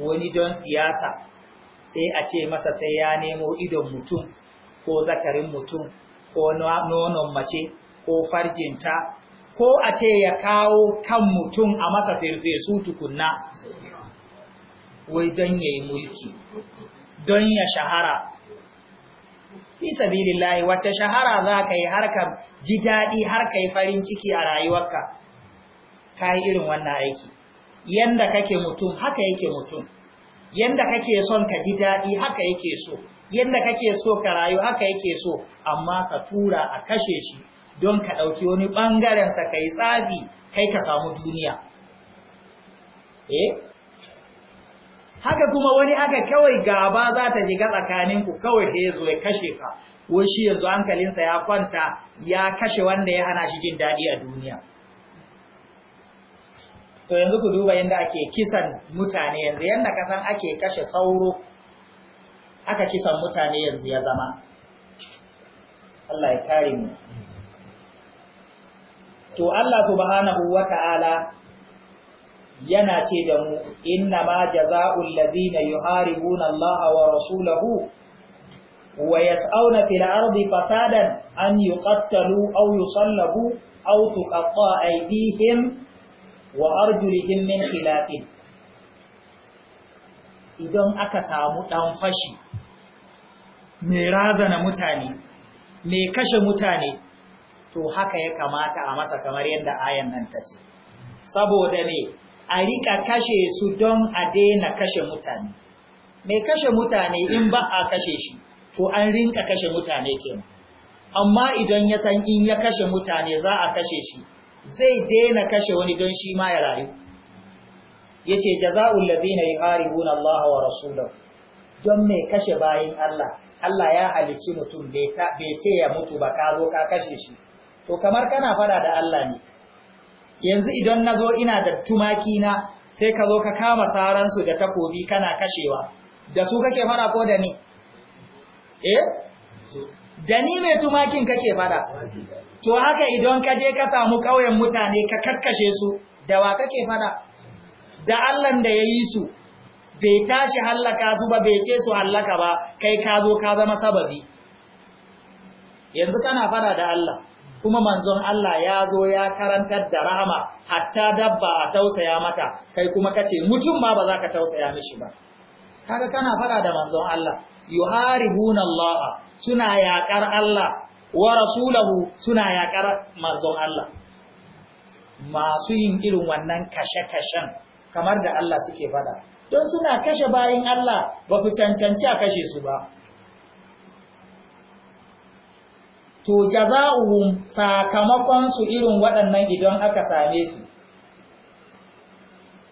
wani don siyasa sai a ce masa sai ya nemo idon mutum ko zakarin mutum ko nonon mace ko farjinta ko a ce ya kawo kan mutum a masa firfesu tukunna wai don ya yi mulki don ya shahara fi lillahi wace shahara za ka yi har ji daɗi har ka yi farin ciki a rayuwarka ka yi irin wannan aiki yanda kake mutum haka yake mutum yanda kake son ka ji daɗi haka yake so yanda kake so ka rayu haka yake so amma ka tura a kashe shi don ka ɗauki wani ɓangarensa ka yi tsafi kai ka samu duniya eh haka kuma wani aka kawai gaba za ta shiga tsakaninku kawai ya zo ya kashe ka wai shi yanzu hankalinsa ya kwanta ya kashe wanda ya hana shi jin daɗi a duniya to yanzu ku duba yadda ake kisan mutane yanzu yadda kasan ake kashe sauro aka kisan mutane yanzu ya zama Allah ya kare mu to Allah subhanahu wata'ala yana ce da mu inna ma jaza'ul ladina yuharibuna Allah wa rasulahu wa yas'auna fil ardi fasadan an yuqattalu aw yusallabu aw tuqatta aydihim wa arjulihim min khilafin idan aka samu ɗan fashi mai razana mutane mai kashe mutane to haka ya kamata a masa kamar yadda ayan nan ta ce saboda me a rika kashe su don a daina kashe mutane mai kashe mutane in ba a kashe shi to an rinka kashe mutane kenan amma idan ya san in ya kashe mutane za a kashe shi zai daina kashe wani don shi ma ya rayu yace jaza'ul ladina yuharibuna Allah wa rasulahu don me kashe bayin Allah Allah ya halici mutum bai ce ya mutu ba ka zo ka kashe shi to kamar kana fada da Allah ne yanzu idan nazo ina da tumaki na sai ka zo ka kama saran su da takobi kana kashewa da su kake fada ko da ni eh da ni mai tumakin kake fada to haka idan ka je ka samu ƙauyen mutane ka kakkashe su da wa kake fada da Allah da ya yi su bai tashi hallaka su ba bai ce su hallaka ba kai ka zo ka zama sababi yanzu kana fada da Allah kuma manzon Allah ya zo ya karantar da rahama hatta dabba a tausaya mata kai kuma kace mutum ba ba za ka tausaya mishi ba kaga kana fada da manzon Allah yuharibuna Allah suna yaƙar Allah wa rasulahu suna yakar manzon Allah masu yin irin wannan kashe-kashen kamar da Allah suke fada don suna kashe bayin Allah ba su cancanci a kashe su ba to jaza'uhum sakamakon su irin waɗannan idan aka same su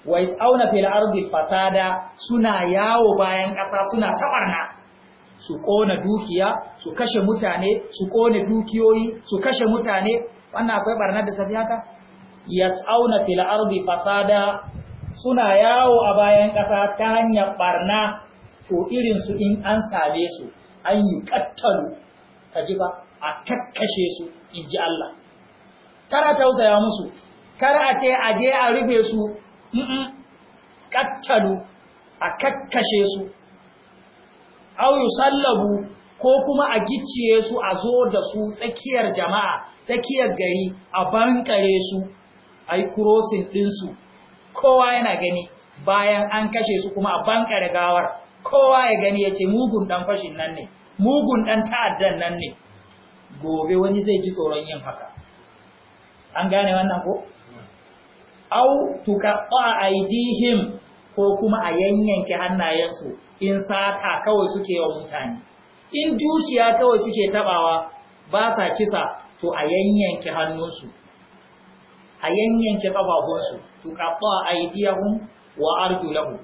wa is'auna fil ardi fasada suna yawo bayan ƙasa suna tabarna su ƙona dukiya su kashe mutane su ƙone dukiyoyi su kashe mutane wannan akwai barnar da tafi haka yas'auna fil ardi fasada suna yawo a bayan ƙasa ta hanyar barna to irin su in an same su an yi kattalu kaji ba a kakkashe su in ji Allah kara tausaya musu kar a ce a je a rufe su kattalu a kakkashe su au sallabu ko kuma a gicciye su a zo da su tsakiyar jama'a tsakiyar gari a bankare su a yi kurosin ɗinsu kowa yana gani bayan an kashe su kuma a bankare gawar kowa ya gani ya ce mugun ɗan fashin nan ne mugun ɗan ta'addan nan ne gobe wani zai ji tsoron yin haka an gane wannan ko hmm. au tuqatta aidihim ko kuma a yanyanke hannayensu in sata kawai suke wa mutane in dukiya kawai suke tabawa ba sa kisa to a yanyanke hannunsu a yanyanke kafafunsu to kafa aydiyahum wa arjulahum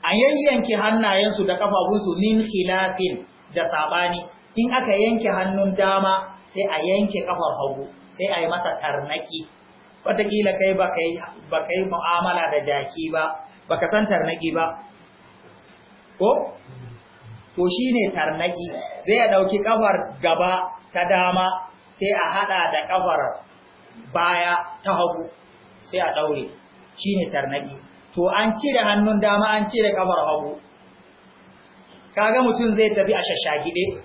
a yanyanke hannayensu da kafafunsu min hilafin da sabani in aka yanke hannun dama sai a yanke kafar hagu sai a yi masa tarnaki wataƙila kai ba kai mu'amala da jaki ba baka san tarnaki ba ko to shine tarnaki zai ya dauki kafar gaba ta dama sai a haɗa da ƙafar baya ta hagu sai a daure shine tarnaki to an cire hannun dama an cire ƙafar hagu kaga mutum zai tafi a shashagide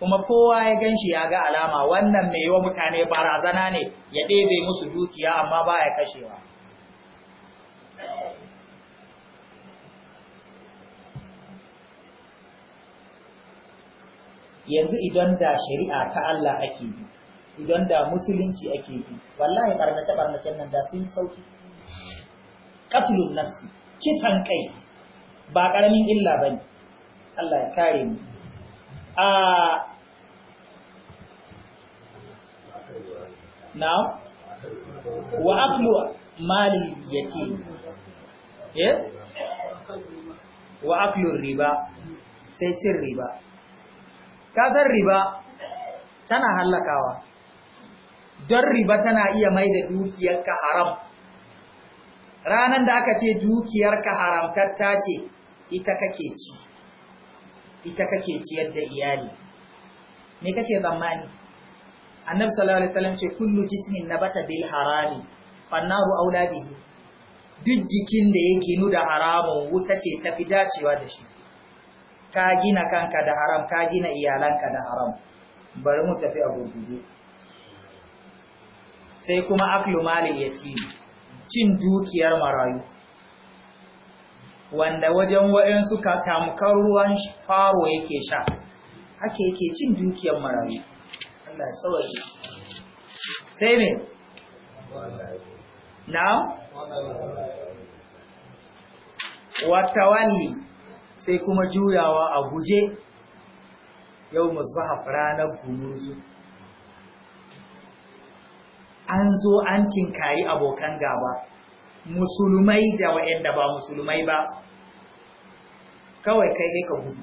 kuma kowa ya ganshi ya ga alama wannan mai yiwa mutane barazana ne ya ɗebe musu dukiya amma ba ya kashewa yanzu idan da shari'a ta Allah ake bi idan da musulunci ake bi wallahi barnace barnace nan da sun sauki qatlun nafsi kisan kai ba karamin illa bane Allah ya kare mu a now wa aklu mali yake eh wa aklu riba sai cin riba kasar riba tana hallakawa don riba tana iya mai da dukiyarka haram ranar da aka ce dukiyarka haramtatta ce ita kake ci ita kake ciyar da iyali me kake zamani? annabi sallallahu alaihi wasallam ce kullu jismin nabata bil harami fannaru aula bihi duk jikin da ya ginu da haramun wuta ce tafi dacewa da shi ka gina kanka da haram ka gina iyalanka da haram bari mu tafi a gurguje sai kuma aklu malin yatim cin dukiyar marayu wanda wajen waɗansu suka tamkar ruwan faro yake sha haka yake cin dukiyar marayu Allah ya sauke sai me wa tawalli sai kuma juyawa a guje yau musbahaf ranar gumuzu an zo an tinkari abokan gaba musulmai da waɗanda ba musulmai ba kawai kai ka gudu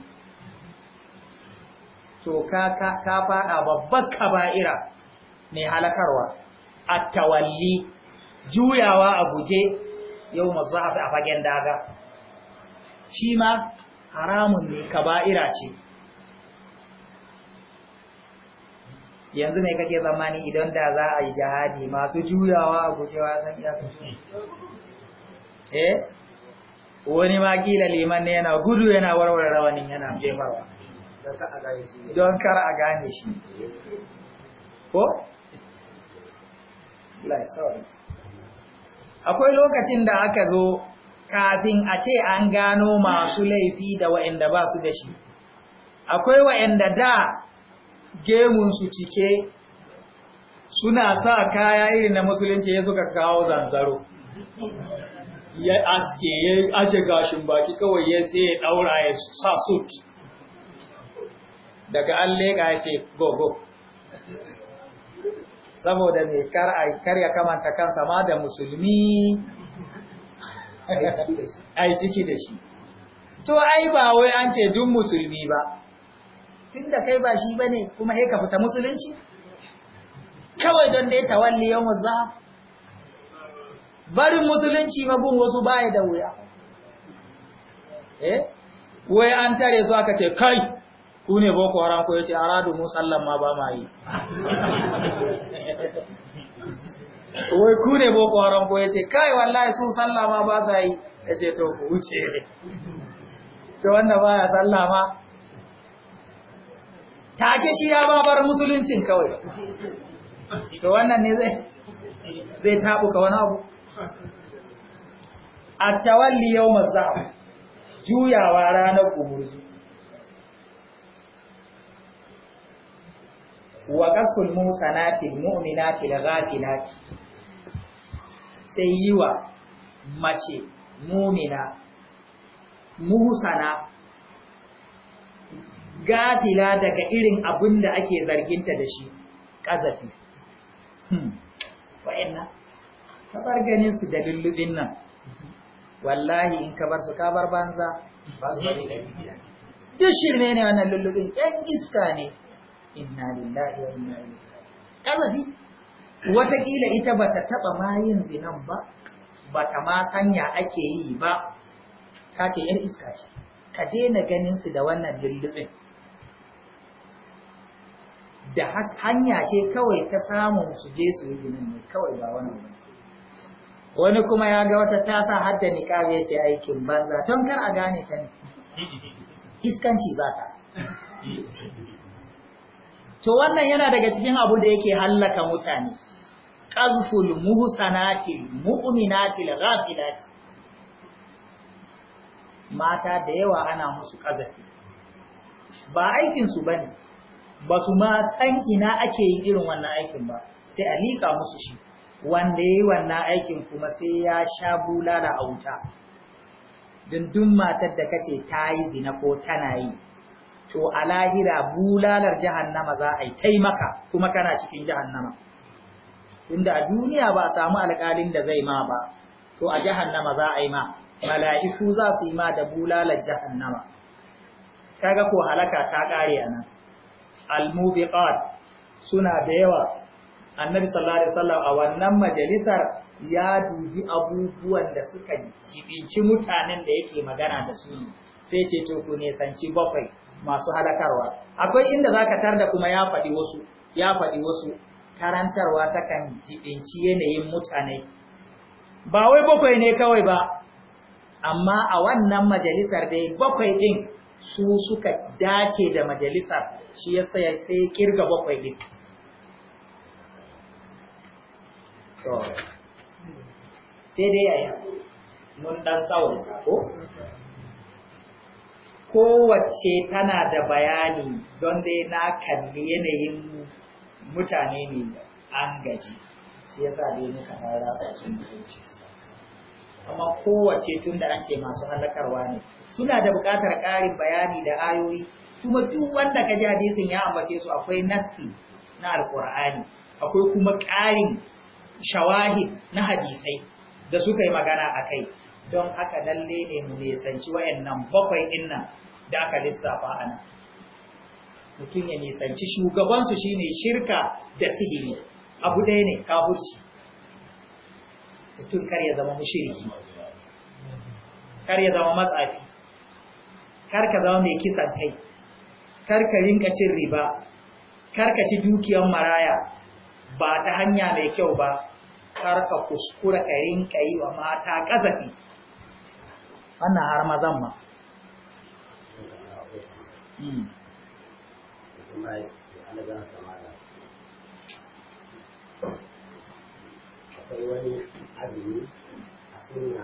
to ka ka fada babbar kaba'ira mai halakarwa a tawalli juyawa a guje yau maza'af a fagen daga shi ma haramun ne kaba'ira ce yanzu ne kake tsammani idan da za a yi jihadi masu juyawa a gujewa san iya eh wani ma kila liman ne yana gudu yana warware rawanin yana jefarwa don kar a gane shi ko? akwai lokacin da aka zo kafin a ce an gano masu laifi da wa'inda ba su da shi akwai wa'inda da gemunsu cike suna sa kaya irin na musulunci ya suka kawo zanzaro ya aske ya aje gashin baki kawai ya sai ya ɗaura ya sa sut daga an leƙa ya ce gogo saboda mai kar ya kamanta kansa ma da musulmi ai ciki da shi to ai ba wai an ce duk musulmi ba tunda kai ba shi bane kuma sai ka fita musulunci kawai don dai tawalli yawan zahab barin musulunci magun wasu ya da wuya eh wai an tare su aka ce kai ku ne boko haram ko yace aradu musallan ma ba ma yi wai ku ne boko haram ko yace kai wallahi sun sallah ma ba sa yi yace to ku wuce ne to wanda ya sallah ma ke shi ya ba bar musuluncin kawai to wannan ne zai zai tabuka wani abu at-tawalli yawm az-zahab juyawa ranar kuburni wa qasul musanatil mu'minatil ghafilatil sai yi wa mace mumina muhusana gafila daga irin abin da ake zarginta da shi ƙazafi hmm. wa'ina ka bar ganin su da lullubin nan wallahi in ka bar su ka bar banza ba su bari da duk shi ne wannan lullubin ɗan iska ne inna lillahi wa inna ilaihi ƙazafi watakila ita ba ta taɓa mayin zinan ba ba ta ma sanya ake yi ba ta ce ‘yar iska ce ka daina ganin su da wannan lullubin da hanya ce kawai ta samun su je su yi ginin ne kawai ba wannan wani wani kuma ya ga wata ta sa hadda niƙar ya ce aikin banza don kar a gane ta ne iskanci za ta to wannan yana daga cikin abu da yake hallaka mutane qazful muhsanatil mu'minatil ghafilat mata da yawa ana musu kazafi ba aikin su bane ba su ma san ina ake yi irin wannan aikin ba sai a lika musu shi wanda yayi wannan aikin kuma sai ya sha bulala a wuta dindin matar da kace ta yi zina ko tana yi to a lahira bulalar jahannama za a yi taimaka kuma kana cikin jahannama tunda a duniya ba a samu alƙalin da zai ma ba to a jahannama za a yi ma mala'iku za su yi ma da bulalar jahannama kaga ko halaka ta ƙare a nan almubiqat suna da yawa annabi sallallahu alaihi wasallam a wannan majalisar ya dubi abubuwan da suka jibinci mutanen da yake magana da su sai ce to ku ne sanci bakwai masu halakarwa akwai inda zaka tarda kuma ya faɗi wasu ya faɗi wasu karantarwa takan jibinci yanayin mutane ba wai bakwai ne kawai ba amma a wannan majalisar dai bakwai ɗin su suka dace da majalisar shi ya sai sai kirga bakwai din sai dai yaya mun dan tsawon ko kowace tana da bayani don dai na kalli yanayin mutane ne an gaji sai ya sa dai muka rara a cikin amma kowace tun da an masu halakarwa ne suna da buƙatar ƙarin bayani da ayoyi kuma duk wanda ka ji hadisin ya ambace su akwai nassi na alƙur'ani akwai kuma ƙarin shawahid na hadisai da suka yi magana a kai don haka lalle ne mu nisanci wayannan bakwai ɗin nan da aka lissafa a nan mutum ya nisanci shugabansu shi ne shirka da sihiri abu ɗaya ne kafurci mutum kar ya zama mashiriki kar ya zama matsafi kar ka zama mai kisan kai kar ka rinka cin riba kar ka ci dukiyar maraya ba ta hanya mai kyau ba kar ka kuskura ka rinka yi wa mata kazafi wannan har mazan ma hmm. akwai wani azumi a suna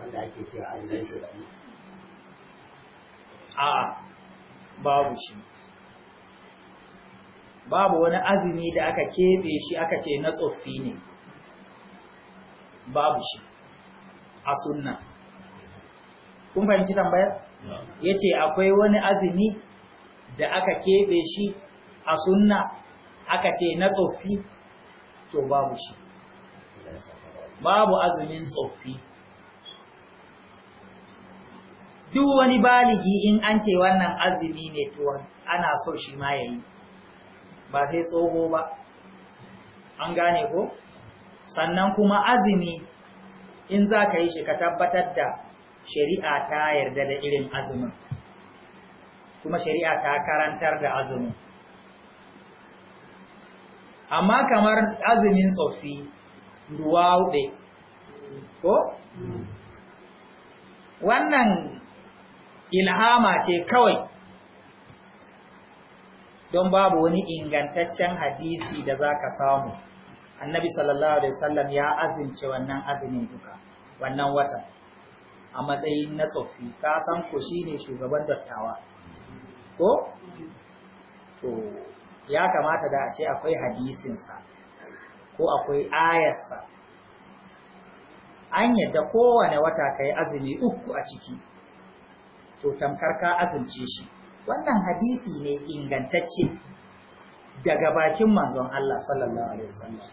wanda ake cewa azumin shugari a babu shi babu wani azumi da aka keɓe shi aka ce na tsoffi ne babu shi a sunna kun fahimci tambayar ya ce akwai wani azumi da aka keɓe shi a sunna aka ce na tsoffi to babu shi babu azumin tsoffi duk wani baligi in an ce wannan azumi ne to ana so shi ma yayi ba sai tsoho ba an gane ko sannan kuma azumi in za ka yi shi ka tabbatar da shari'a ta yarda da irin azumin kuma shari'a ta karantar da azumi amma kamar azumin tsofi ruwauɗe ko wannan ilhama ce kawai don babu wani ingantaccen hadisi da za ka samu annabi sallallahu alaihi wasallam ya azince wannan azumin duka wannan watan a matsayin na tsofi ka san ko shine shugaban dattawa ko to ya kamata da a ce akwai hadisinsa ko akwai ayarsa an yadda kowane wata ka yi azumi uku a ciki to tamkar ka azumce shi wannan hadisi ne ingantacce daga bakin manzon Allah sallallahu alaihi wasallam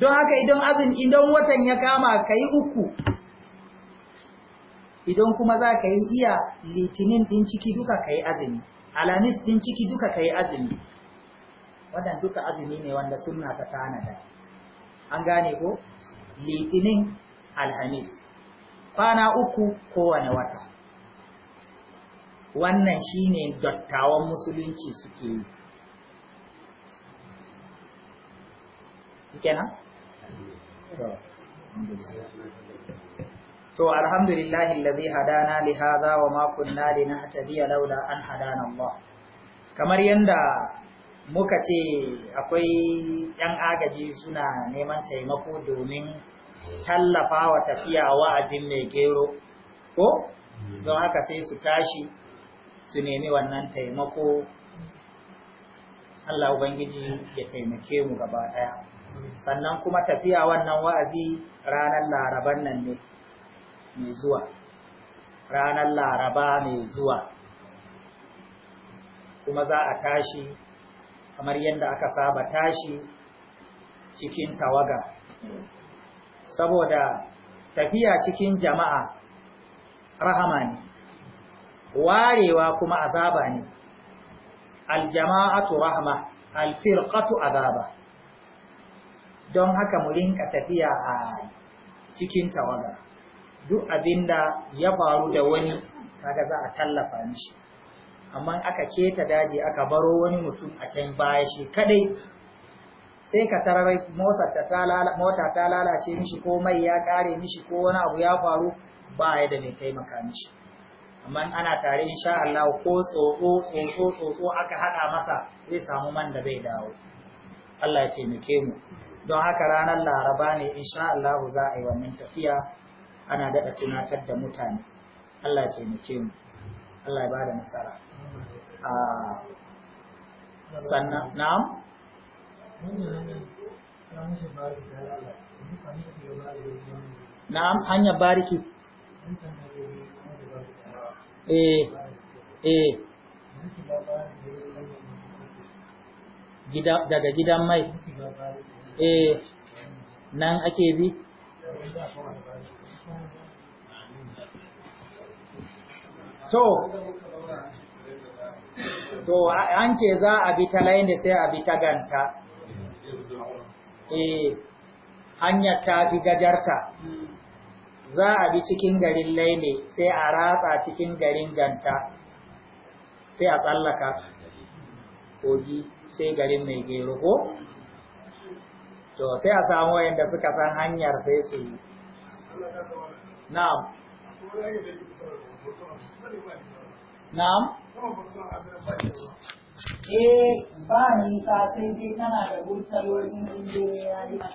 don haka idan azumi idan watan ya kama ka yi uku idan kuma za ka yi iya litinin din ciki duka ka yi azumi alamis din ciki duka ka yi azumi wadanda duka azumi ne wanda suna ta tanada an gane ko litinin alhamis kwana uku kowane wata wannan shine dattawan musulunci suke yi kenan? to alhamdulillahi alladhi hada na lihaza wa ma kunna لولا ان an hada Allah kamar yanda muka ce akwai yan agaji suna neman taimako domin tallafa wa tafiya wa'azi mai gero ko don haka sai su tashi su nemi wannan taimako Allah Ubangiji ya taimake mu gaba ɗaya. Sannan kuma tafiya wannan wa'azi ranar laraban nan ne, mai zuwa ranar laraba mai zuwa kuma za a tashi kamar yadda aka saba tashi cikin tawaga saboda tafiya cikin jama'a rahama ne warewa kuma azaba ne aljama'atu rahama alfirqatu azaba don haka mu rinka tafiya a cikin tawaga duk abinda ya faru da wani kaga za a tallafa mishi amma aka keta daji aka baro wani mutum a can baya shi kadai sai ka tararai mota ta lalace mishi ko mai ya kare mishi ko wani abu ya faru ba ya da mai taimaka mishi amma ana tare insha Allah ko tsoho tsotso tsoho aka hada masa zai samu man da zai dawo Allah ya taimake mu don haka ranar laraba ne insha Allah za a yi wannan tafiya ana daɗa tunatar da mutane Allah mu taimake mu Allah ya bada nasara a ah, sannan na'am na'am hanya bariki eh eh gida daga gidan mai eh nan ake bi to to an ce za a bi ta laini sai a bi ta ganta eh hanyar ta fi gajarta za a bi cikin garin laini sai a ratsa cikin garin ganta sai a tsallaka kogi sai garin mai gero ko to sai a samu wayanda suka san hanyar sai su yi na'am na'am eh ba nisa sai dai kana da burtalolin injiniya